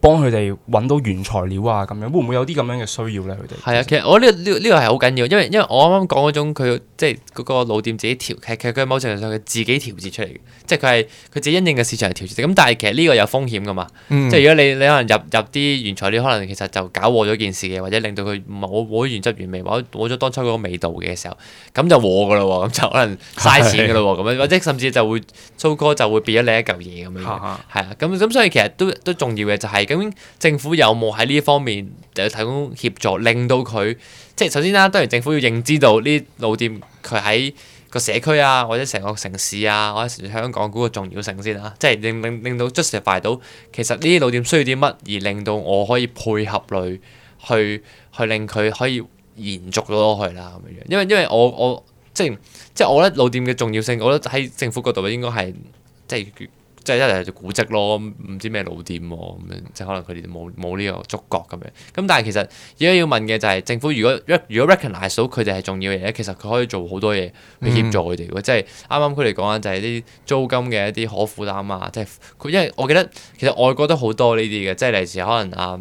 幫佢哋揾到原材料啊，咁樣會唔會有啲咁樣嘅需要咧？佢哋係啊，其實我呢、呢個呢、呢個呢個係好緊要，因為因為我啱啱講嗰種佢即係嗰個老店自己調，其實佢某程度上佢自己調節出嚟嘅，即係佢係佢自己因應嘅市場嚟調節。咁但係其實呢個有風險噶嘛，嗯、即係如果你你可能入入啲原材料，可能其實就搞和咗件事嘅，或者令到佢冇冇咗原汁原味，或者冇咗當初嗰個味道嘅時候，咁就和噶啦，咁就可能嘥錢噶啦，咁樣的或者甚至就會粗哥就會變咗另一嚿嘢咁樣，係啊哈，咁咁、嗯嗯嗯、所以其實都都重要嘅就係政府有冇喺呢方面提供協助，令到佢即係首先啦，當然政府要認知到呢老店佢喺個社區啊，或者成個城市啊，或者香港嗰個重要性先啦、啊，即係令令令到加速快到其實呢啲老店需要啲乜，而令到我可以配合佢去去令佢可以延續咗落去啦咁樣，因為因為我我即係即係我覺得老店嘅重要性，我覺得喺政府嗰度應該係即係。即係一嚟就做古蹟咯，唔知咩老店喎、啊，咁樣即係可能佢哋冇冇呢個觸角咁樣。咁但係其實而家要問嘅就係、是、政府如，如果如果 recognize 到佢哋係重要嘅嘢，其實佢可以做好多嘢去協助佢哋喎。嗯、即係啱啱佢哋講緊就係、是、啲租金嘅一啲可負擔啊，即係佢因為我記得其實外國都好多呢啲嘅，即係嚟自可能啊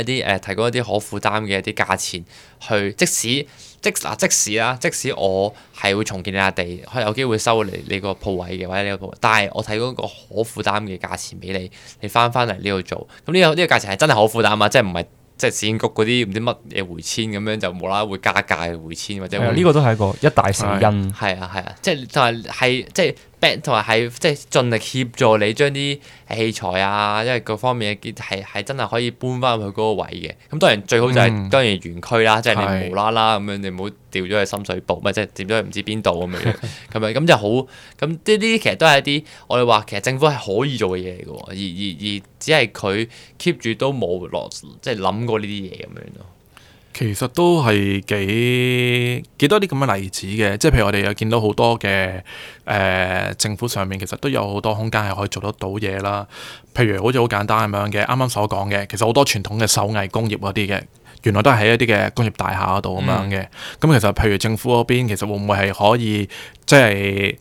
一啲誒、呃、提供一啲可負擔嘅一啲價錢去，即使。即即使啦，即使我係會重建你笪、啊、地，可能有機會收你你，鋪你個鋪位嘅，或者呢個鋪，但係我睇到個可負擔嘅價錢俾你，你翻翻嚟呢度做，咁、嗯、呢、這個呢、這個價錢係真係可負擔啊，即係唔係即係市建局嗰啲唔知乜嘢回遷咁樣就無啦啦會加價回遷，或者呢個都係一個一大成因。係啊係啊，啊啊啊啊啊即係就係係即係。同埋係即係盡力協助你將啲器材啊，因為各方面嘅嘢係係真係可以搬翻去嗰個位嘅。咁當然最好就係、是嗯、當然園區啦，即係你無啦啦咁樣，你唔好掉咗去深水埗，咪即係掉咗去唔知邊度咁樣，咁樣咁就好？咁即係呢啲其實都係一啲我哋話其實政府係可以做嘅嘢嚟嘅喎，而而而只係佢 keep 住都冇落，即係諗過呢啲嘢咁樣咯。其實都係幾幾多啲咁嘅例子嘅，即係譬如我哋有見到好多嘅誒、呃，政府上面其實都有好多空間係可以做得到嘢啦。譬如好似好簡單咁樣嘅，啱啱所講嘅，其實好多傳統嘅手藝工業嗰啲嘅，原來都係喺一啲嘅工業大廈嗰度咁樣嘅。咁、嗯、其實譬如政府嗰邊，其實會唔會係可以即係？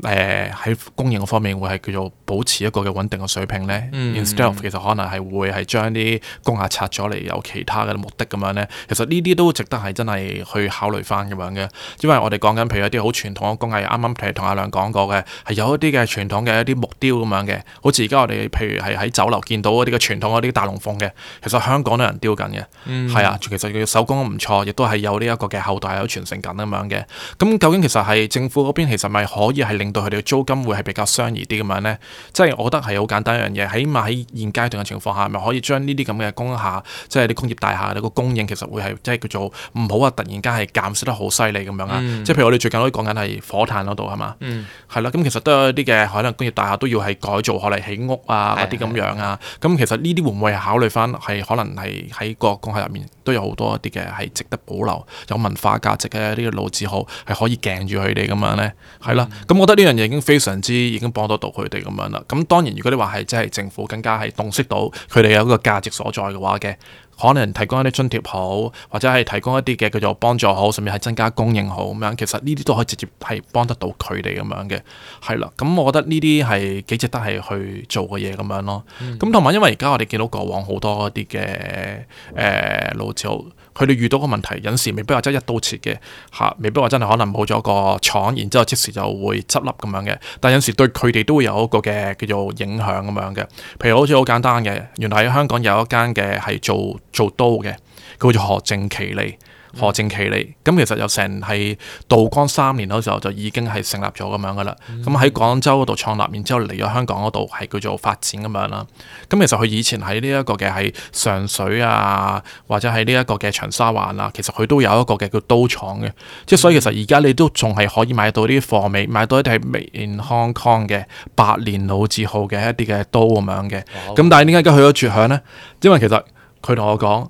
誒喺、呃、供應方面會係叫做保持一個嘅穩定嘅水平咧，嗯、instead of，其實可能係會係將啲工廈拆咗嚟有其他嘅目的咁樣咧。其實呢啲都值得係真係去考慮翻咁樣嘅。因為我哋講緊譬如一啲好傳統嘅工藝，啱啱其實同阿亮講過嘅係有一啲嘅傳統嘅一啲木雕咁樣嘅，好似而家我哋譬如係喺酒樓見到嗰啲嘅傳統嗰啲大龍鳳嘅，其實香港都有人雕緊嘅，係、嗯、啊，其實佢手工唔錯，亦都係有呢一個嘅後代有都傳承緊咁樣嘅。咁究竟其實係政府嗰邊其實咪可以係？令到佢哋嘅租金會係比較相宜啲咁樣咧，即係我覺得係好簡單一樣嘢。起碼喺現階段嘅情況下，咪可以將呢啲咁嘅工廈，即係啲工業大廈嘅個供應其實會係即係叫做唔好話突然間係減少得好犀利咁樣啊！嗯、即係譬如我哋最近都講緊係火炭嗰度係嘛，係啦。咁、嗯、其實都有一啲嘅可能工業大廈都要係改造，可嚟起屋啊嗰啲咁樣啊。咁其實呢啲會唔會考慮翻係可能係喺個工廈入面都有好多一啲嘅係值得保留有文化價值嘅呢個老字號係可以鏡住佢哋咁樣咧。係啦，咁、嗯、我呢樣嘢已經非常之已經幫得到佢哋咁樣啦。咁當然，如果你話係即係政府更加係洞悉到佢哋有個價值所在嘅話嘅，可能提供一啲津貼好，或者係提供一啲嘅叫做幫助好，甚至係增加供應好咁樣。其實呢啲都可以直接係幫得到佢哋咁樣嘅。係啦，咁我覺得呢啲係幾值得係去做嘅嘢咁樣咯。咁同埋因為而家我哋見到過往好多啲嘅誒老字號。呃佢哋遇到個問題，有時未必話真一刀切嘅嚇，未必話真係可能冇咗個廠，然之後即時就會執笠咁樣嘅。但有時對佢哋都會有一個嘅叫做影響咁樣嘅。譬如好似好簡單嘅，原來喺香港有一間嘅係做做刀嘅，佢叫做何正奇利。何正其嚟，咁其實有成係道光三年嗰時候就已經係成立咗咁樣噶啦。咁喺、嗯、廣州嗰度創立，然之後嚟咗香港嗰度係叫做發展咁樣啦。咁其實佢以前喺呢一個嘅係上水啊，或者喺呢一個嘅長沙灣啊，其實佢都有一個嘅叫刀廠嘅。即係所以其實而家你都仲係可以買到啲貨尾，買到一啲喺 in Hong Kong 嘅百年老字號嘅一啲嘅刀咁樣嘅。咁但係點解而家去咗絕響呢？因為其實佢同我講。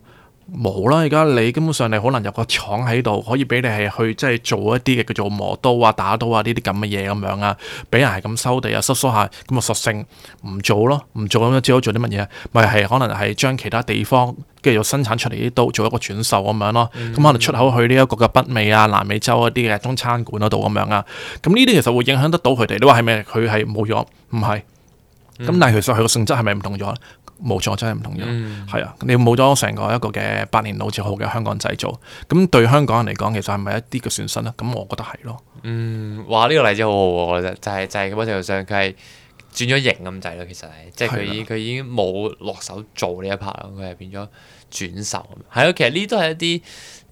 冇啦，而家你根本上你可能入個廠喺度，可以俾你係去即係做一啲嘅叫做磨刀啊、打刀啊呢啲咁嘅嘢咁樣啊，俾人係咁收地啊、收收下，咁啊索性唔做咯，唔做咁樣，只好做啲乜嘢？咪係可能係將其他地方繼續生產出嚟啲刀，做一個轉售咁樣咯、啊。咁、嗯、可能出口去呢一個嘅北美啊、南美洲嗰啲嘅中餐館嗰度咁樣啊。咁呢啲其實會影響得到佢哋，你話係咪佢係冇咗？唔係，咁、嗯、但係其實佢個性質係咪唔同咗？冇錯，真係唔同咗，係、嗯、啊！你冇咗成個一個嘅百年老字號嘅香港製造。咁對香港人嚟講，其實係咪一啲嘅損失咧？咁我覺得係咯。嗯，哇！呢、呢個例子好好喎，真就係、係、就係咁嘅程度上，佢係轉咗型咁滯咯。其實係，即係佢已佢已經冇落的手做呢一 part 啦。佢係變咗轉手，係咯。其實呢都係一啲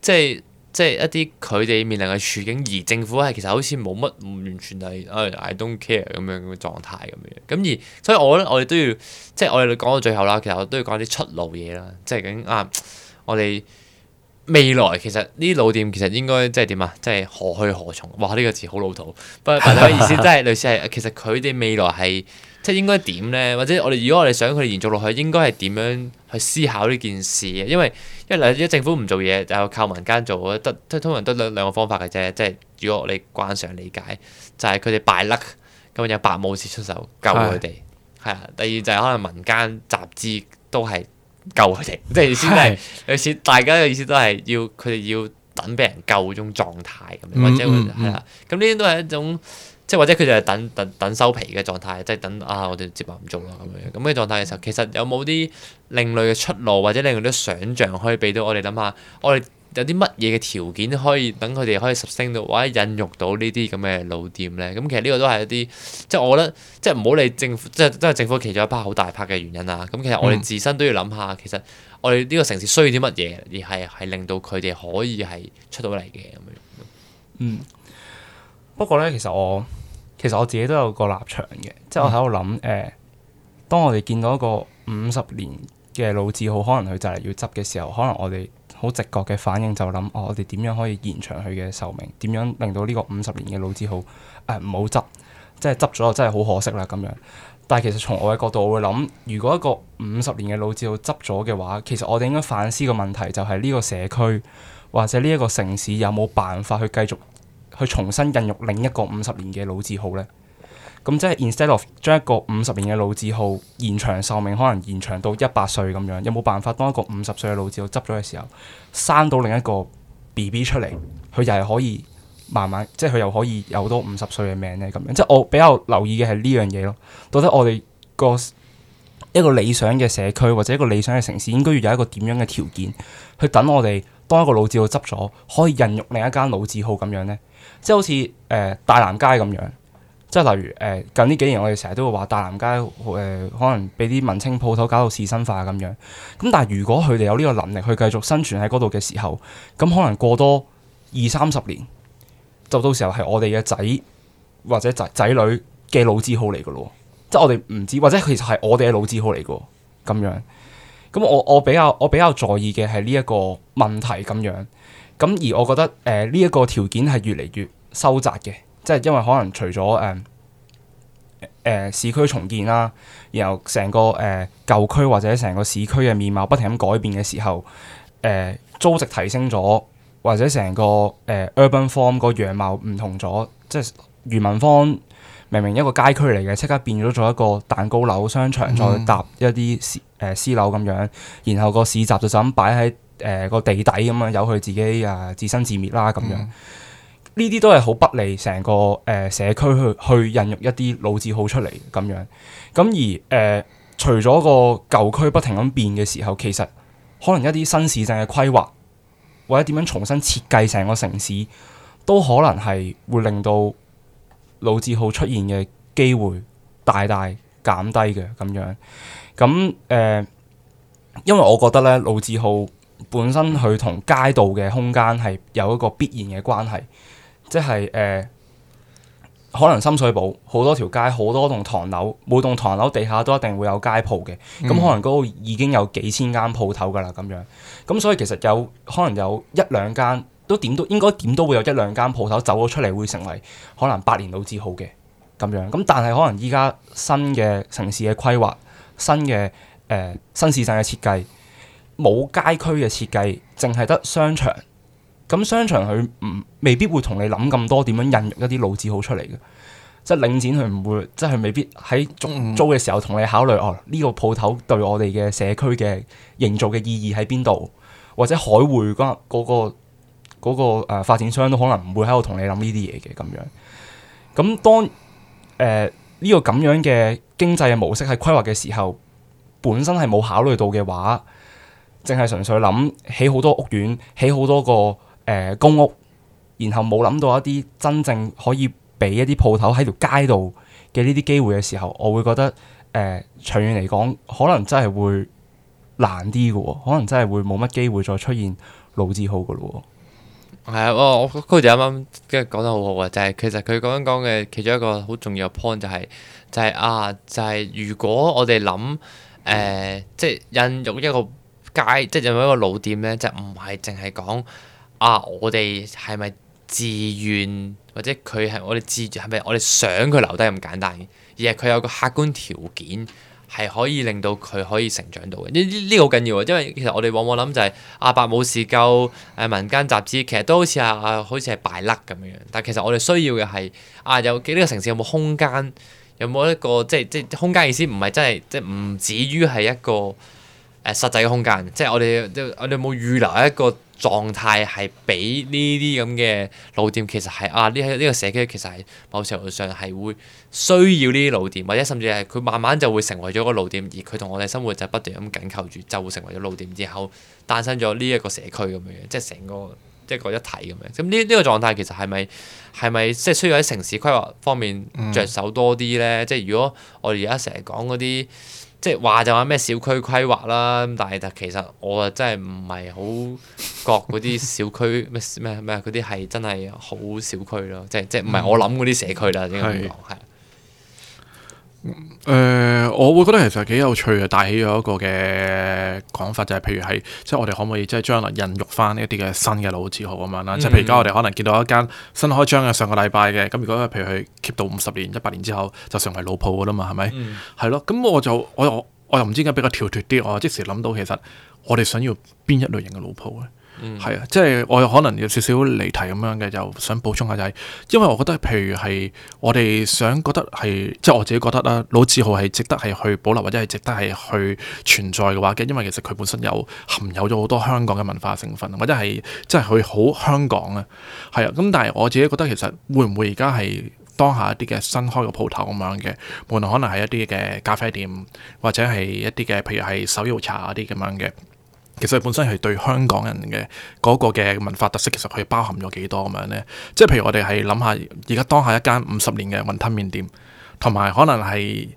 即係。即係一啲佢哋面臨嘅處境，而政府係其實好似冇乜，完全係 I don't care 咁樣嘅狀態咁樣。咁而所以我覺得我哋都要，即係我哋講到最後啦，其實我都要講啲出路嘢啦。即係咁啊，我哋未來其實呢啲老店其實應該即係點啊？即係何去何從？哇！呢、這個字好老土， 不過唔係咩意思，即係類似係其實佢哋未來係。即係應該點咧？或者我哋如果我哋想佢哋延續落去，應該係點樣去思考呢件事？因為一嚟，如果政府唔做嘢，就靠民間做，得即通常得兩兩個方法嘅啫。即係如果你慣常理解，就係佢哋敗甩咁，有白武士出手救佢哋。係啊，第二就係可能民間集資都係救佢哋。即係意思都係，有時是的 大家嘅意思都係要佢哋要等俾人救嗰種狀態咁，或者係啦。咁呢啲都係一種。即或者佢哋係等等等收皮嘅狀態，即係等啊，我哋接班唔足啦咁樣。咁嘅狀態嘅時候，其實有冇啲另類嘅出路，或者另類啲想像可以俾到我哋諗下？我哋有啲乜嘢嘅條件可以等佢哋可以上升到或者引育到這這呢啲咁嘅老店咧？咁、嗯嗯、其實呢個都係一啲，即、就、係、是、我覺得，即係唔好理政府，即係係政府其中一 part 好大 part 嘅原因啊。咁其實我哋自身都要諗下，其實我哋呢個城市需要啲乜嘢，而係係令到佢哋可以係出到嚟嘅咁樣。嗯，不過咧，其實我。其實我自己都有個立場嘅，即係我喺度諗，誒、嗯欸，當我哋見到一個五十年嘅老字號可能佢就嚟要執嘅時候，可能我哋好直覺嘅反應就諗，哦，我哋點樣可以延長佢嘅壽命？點樣令到呢個五十年嘅老字號誒唔好執？即係執咗就真係好可惜啦咁樣。但係其實從我嘅角度，我會諗，如果一個五十年嘅老字號執咗嘅話，其實我哋應該反思個問題就係呢個社區或者呢一個城市有冇辦法去繼續去重新孕育另一個五十年嘅老字號呢？咁即係 instead of 將一個五十年嘅老字號延長壽命，可能延長到一百歲咁樣，有冇辦法當一個五十歲嘅老字號執咗嘅時候，生到另一個 BB 出嚟，佢又係可以慢慢，即係佢又可以有好多五十歲嘅命呢？咁樣。即係我比較留意嘅係呢樣嘢咯。到底我哋個一個理想嘅社區或者一個理想嘅城市，應該要有一個點樣嘅條件去等我哋當一個老字號執咗，可以孕育另一間老字號咁樣呢？即係好似誒大南街咁樣，即係例如誒、呃、近呢幾年我哋成日都會話大南街誒、呃，可能俾啲文青鋪頭搞到仕紳化咁樣。咁但係如果佢哋有呢個能力去繼續生存喺嗰度嘅時候，咁可能過多二三十年，就到時候係我哋嘅仔或者仔仔女嘅老字號嚟嘅咯。即係我哋唔知，或者其實係我哋嘅老字號嚟嘅咁樣。咁我我比較我比較在意嘅係呢一個問題咁樣。咁而我覺得誒呢一個條件係越嚟越收窄嘅，即係因為可能除咗誒誒市區重建啦，然後成個誒舊區或者成個市區嘅面貌不停咁改變嘅時候，誒、呃、租值提升咗，或者成個誒、呃、urban form 個樣貌唔同咗，即係裕民坊明明一個街區嚟嘅，即刻變咗做一個蛋糕樓商場，嗯、再搭一啲誒、呃、私樓咁樣，然後個市集就就咁擺喺，誒、呃，個地底咁樣由佢自己啊、呃，自生自滅啦咁樣，呢啲都係好不利成個誒、呃、社區去去孕育一啲老字號出嚟咁樣。咁而誒、呃，除咗個舊區不停咁變嘅時候，其實可能一啲新市鎮嘅規劃或者點樣重新設計成個城市，都可能係會令到老字號出現嘅機會大大減低嘅咁樣。咁誒、呃，因為我覺得咧老字號，本身佢同街道嘅空間係有一個必然嘅關係，即係誒、呃、可能深水埗好多條街好多棟唐樓，每棟唐樓地下都一定會有街鋪嘅，咁、嗯、可能嗰度已經有幾千間鋪頭噶啦咁樣，咁所以其實有可能有一兩間都點都應該點都會有一兩間鋪頭走咗出嚟會成為可能百年老字號嘅咁樣，咁但係可能依家新嘅城市嘅規劃，新嘅誒、呃、新市鎮嘅設計。冇街區嘅設計，淨係得商場。咁商場佢唔未必會同你諗咁多，點樣引入一啲老字號出嚟嘅？即係領展佢唔會，即係未必喺租租嘅時候同你考慮哦。呢個鋪頭對我哋嘅社區嘅營造嘅意義喺邊度？或者海匯嗰個嗰個，呃，發展商都可能唔會喺度同你諗呢啲嘢嘅咁樣。咁當呃，呢個咁樣嘅經濟嘅模式喺規劃嘅時候，本身係冇考慮到嘅話。淨係純粹諗起好多屋苑，起好多個誒、呃、公屋，然後冇諗到一啲真正可以俾一啲鋪頭喺條街度嘅呢啲機會嘅時候，我會覺得誒、呃、長遠嚟講，可能真係會難啲嘅、哦，可能真係會冇乜機會再出現老字號嘅咯。係啊，我嗰句就啱啱，即係講得好好啊，就係、是、其實佢咁樣講嘅其中一個好重要嘅 point 就係、是，就係、是、啊，就係、是、如果我哋諗誒，即係孕育一個。解即有冇一個老店咧，就唔係淨係講啊，我哋係咪自願或者佢係我哋自係咪我哋想佢留低咁簡單，而係佢有個客觀條件係可以令到佢可以成長到嘅。呢、呢、呢個好緊要啊，因為其實我哋往往諗就係、係、阿、啊、伯冇事救誒民間集資，其實都好似啊好似係敗甩咁樣樣。但其實我哋需要嘅係啊，有呢、呢個城市有冇空間，有冇一個即係即係空間意思，唔係真係即係唔止於係一個。誒實際嘅空間，即係我哋，我哋冇預留一個狀態，係俾呢啲咁嘅老店。其實係啊，呢、這、呢個社區其實係某程度上係會需要呢啲老店，或者甚至係佢慢慢就會成為咗個老店，而佢同我哋生活就不斷咁緊扣住，就會成為咗老店，之後誕生咗呢一個社區咁樣樣，即係成個即係一個一體咁樣。咁呢呢個狀態、這個、其實係咪係咪即係需要喺城市規劃方面着手多啲咧？嗯、即係如果我哋而家成日講嗰啲。即係話就話咩小區規劃啦，但係就其實我啊真係唔係好覺嗰啲小區咩咩咩嗰啲係真係好小區咯，即係即係唔係我諗嗰啲社區啦，應該咁講係。國是誒、呃，我會覺得其實幾有趣嘅，帶起咗一個嘅講法，就係、是、譬如係，即係我哋可唔可以即係將來孕育翻一啲嘅新嘅老字號咁樣啦？嗯嗯，即係譬如而家我哋可能見到一間新開張嘅上個禮拜嘅，咁如果譬如佢 keep 到五十年、一百年之後，就成為老鋪噶啦嘛，係咪？係、嗯、咯，咁我就我,我,我又我又唔知點解比較跳脫啲，我即時諗到，其實我哋想要邊一類型嘅老鋪咧？係、嗯、啊，即係我有可能有少少離題咁樣嘅，就想補充下就係、是，因為我覺得，譬如係我哋想覺得係，即係我自己覺得啦、啊，老字號係值得係去保留或者係值得係去存在嘅話嘅，因為其實佢本身有含有咗好多香港嘅文化成分，或者係即係佢好香港啊，係啊，咁但係我自己覺得其實會唔會而家係當下一啲嘅新開嘅鋪頭咁樣嘅，無論可能係一啲嘅咖啡店或者係一啲嘅譬如係手搖茶嗰啲咁樣嘅。其實本身係對香港人嘅嗰個嘅文化特色，其實佢包含咗幾多咁樣呢？即係譬如我哋係諗下，而家當下一間五十年嘅雲吞麵店，同埋可能係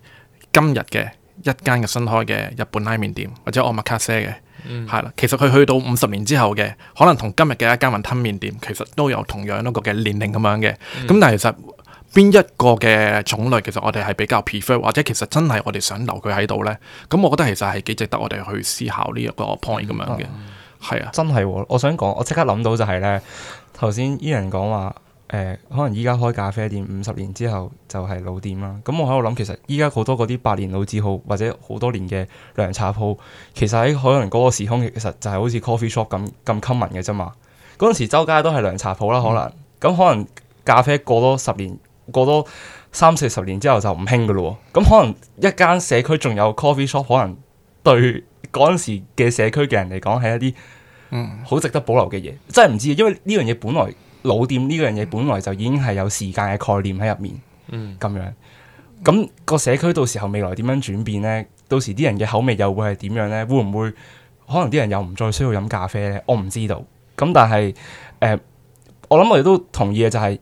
今日嘅一間嘅新開嘅日本拉麵店或者奧麥卡西嘅，係啦、嗯。其實佢去到五十年之後嘅，可能同今日嘅一間雲吞麵店其實都有同樣一個嘅年齡咁樣嘅。咁、嗯、但係其實，邊一個嘅種類其實我哋係比較 prefer，ed，或者其實真係我哋想留佢喺度呢？咁我覺得其實係幾值得我哋去思考呢一個 point 咁樣嘅。係、嗯、啊，真係、哦，我想講，我即刻諗到就係呢，頭先 Ian 講話，誒、呃，可能依家開咖啡店五十年之後就係老店啦。咁我喺度諗，其實依家好多嗰啲百年老字號或者好多年嘅涼茶鋪，其實喺可能嗰個時空其實就係好似 coffee shop 咁咁 common 嘅啫嘛。嗰陣時周街都係涼茶鋪啦，可能咁、嗯、可能咖啡過多十年。過多三四十年之後就唔興嘅咯，咁可能一間社區仲有 coffee shop，可能對嗰陣時嘅社區嘅人嚟講，係一啲嗯好值得保留嘅嘢，真係唔知，因為呢樣嘢本來老店呢樣嘢本來就已經係有時間嘅概念喺入面，嗯咁樣，咁個社區到時候未來點樣轉變咧？到時啲人嘅口味又會係點樣咧？會唔會可能啲人又唔再需要飲咖啡咧？我唔知道，咁但係誒、呃，我諗我哋都同意嘅就係、是。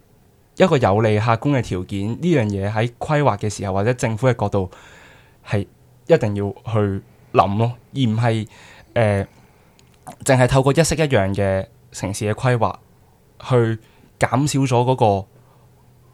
一個有利客觀嘅條件，呢樣嘢喺規劃嘅時候或者政府嘅角度係一定要去諗咯，而唔係誒淨係透過一式一樣嘅城市嘅規劃去減少咗嗰、嗰個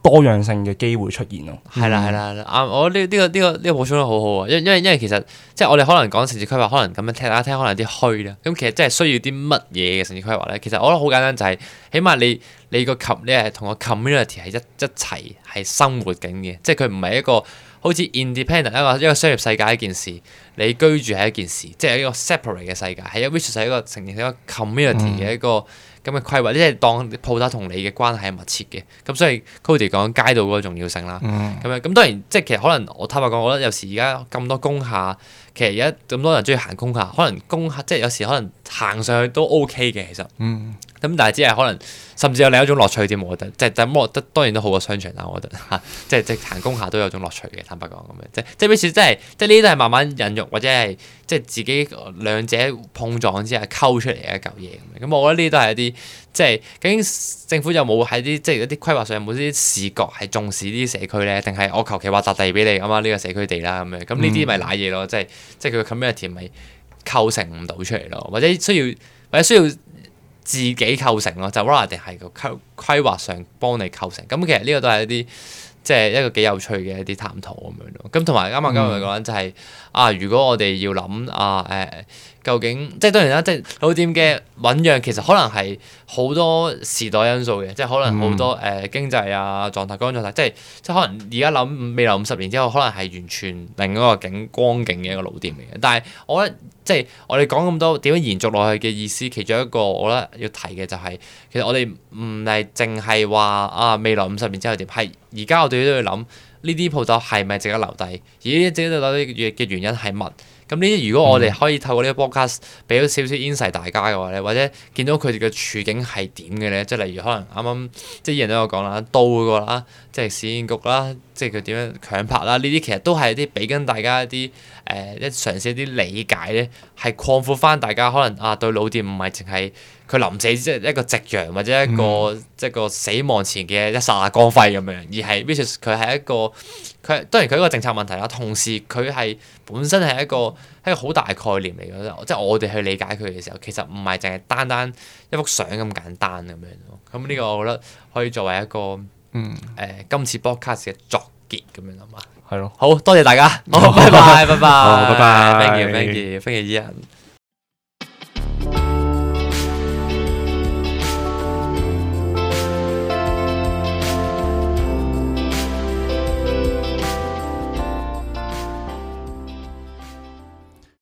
多樣性嘅機會出現咯，係啦係啦，啱！我呢、呢、呢個呢、呢個呢、呢個補充得好好啊，因因為因為其實即係我哋可能講城市規劃，可能咁樣聽大家聽，可能啲虛啦。咁其實真係需要啲乜嘢嘅城市規劃咧？其實我覺得好簡單，就係，就係起碼你你，你，你，你，你個及你係同個 community 係一一齊係生活緊嘅，即係佢唔係一個好似 independent 一個一個商業世界一件事，你居住係一件事，即係一個 separate 嘅世界，係一個 which 係一個成年一個 community 嘅一個。咁嘅規劃，即係當鋪頭同你嘅關係係密切嘅，咁所以 Cody 講街道嗰個重要性啦，咁樣、嗯，咁當然即係其實可能我坦白講，我覺得有時而家咁多工廈。其實而家咁多人中意行工廈，可能工廈即係有時可能行上去都 OK 嘅，其實。咁、嗯、但係只係可能，甚至有另一種樂趣嘅，我覺得。即係咁，我覺得當然都好過商場啦，我覺得。嚇！即係即係行工廈都有種樂趣嘅，坦白講咁樣。即即係，即使即係、就是、即係呢啲都係慢慢孕育，或者係即係自己兩者碰撞之下溝出嚟嘅一嚿嘢。咁我覺得呢啲都係一啲。即係究竟政府有冇喺啲即係一啲規劃上有冇啲視覺係重視啲社區咧？定係我求其劃笪地俾你啊嘛？呢、這個社區地啦咁樣，咁呢啲咪瀨嘢咯？即係即係佢嘅 community 咪構成唔到出嚟咯？或者需要或者需要自己構成咯？就 r e l a 係個規劃上幫你構成。咁其實呢個都係一啲即係一個幾有趣嘅一啲探討咁樣咯。咁同埋啱啱今日講就係、是嗯、啊，如果我哋要諗啊，誒、呃。究竟即係當然啦，即係老店嘅醞釀其實可能係好多時代因素嘅，即可能好多誒、嗯呃、經濟啊狀態、光狀態，即係即，即可能而家諗未來五十年之後，可能係完全另一個景光景嘅一個老店嚟嘅。但係我覺得即係我哋講咁多點樣延續落去嘅意思，其中一個我覺得要提嘅就係、是、其實我哋唔係淨係話啊未來五十年之後點，係而家我哋都要諗呢啲鋪頭係咪值得留低，而呢啲值得留低嘅原因係乜？咁呢啲如果我哋可以透過呢啲 podcast 俾到少少 insight 大家嘅話咧，或者見到佢哋嘅處境係點嘅咧，即係例如可能啱啱即係啲人都有講啦，刀嗰個啦，即係市建局啦，即係佢點樣強拍啦，呢啲其實都係啲俾緊大家一啲誒一嘗試一啲理解咧，係擴闊翻大家可能啊對老店唔係淨係。佢臨死即係一個夕陽，或者一個、嗯、即係個死亡前嘅一剎光輝咁樣，而係，佢係一個佢當然佢一個政策問題啦。同時佢係本身係一個一個好大嘅概念嚟嘅，即係我哋去理解佢嘅時候，其實唔係淨係單單一幅相咁簡單咁樣咯。咁呢個我覺得可以作為一個，誒、嗯呃、今次 broadcast 嘅作結咁樣啊嘛。係咯的，好多謝大家，拜拜拜拜，好，拜拜。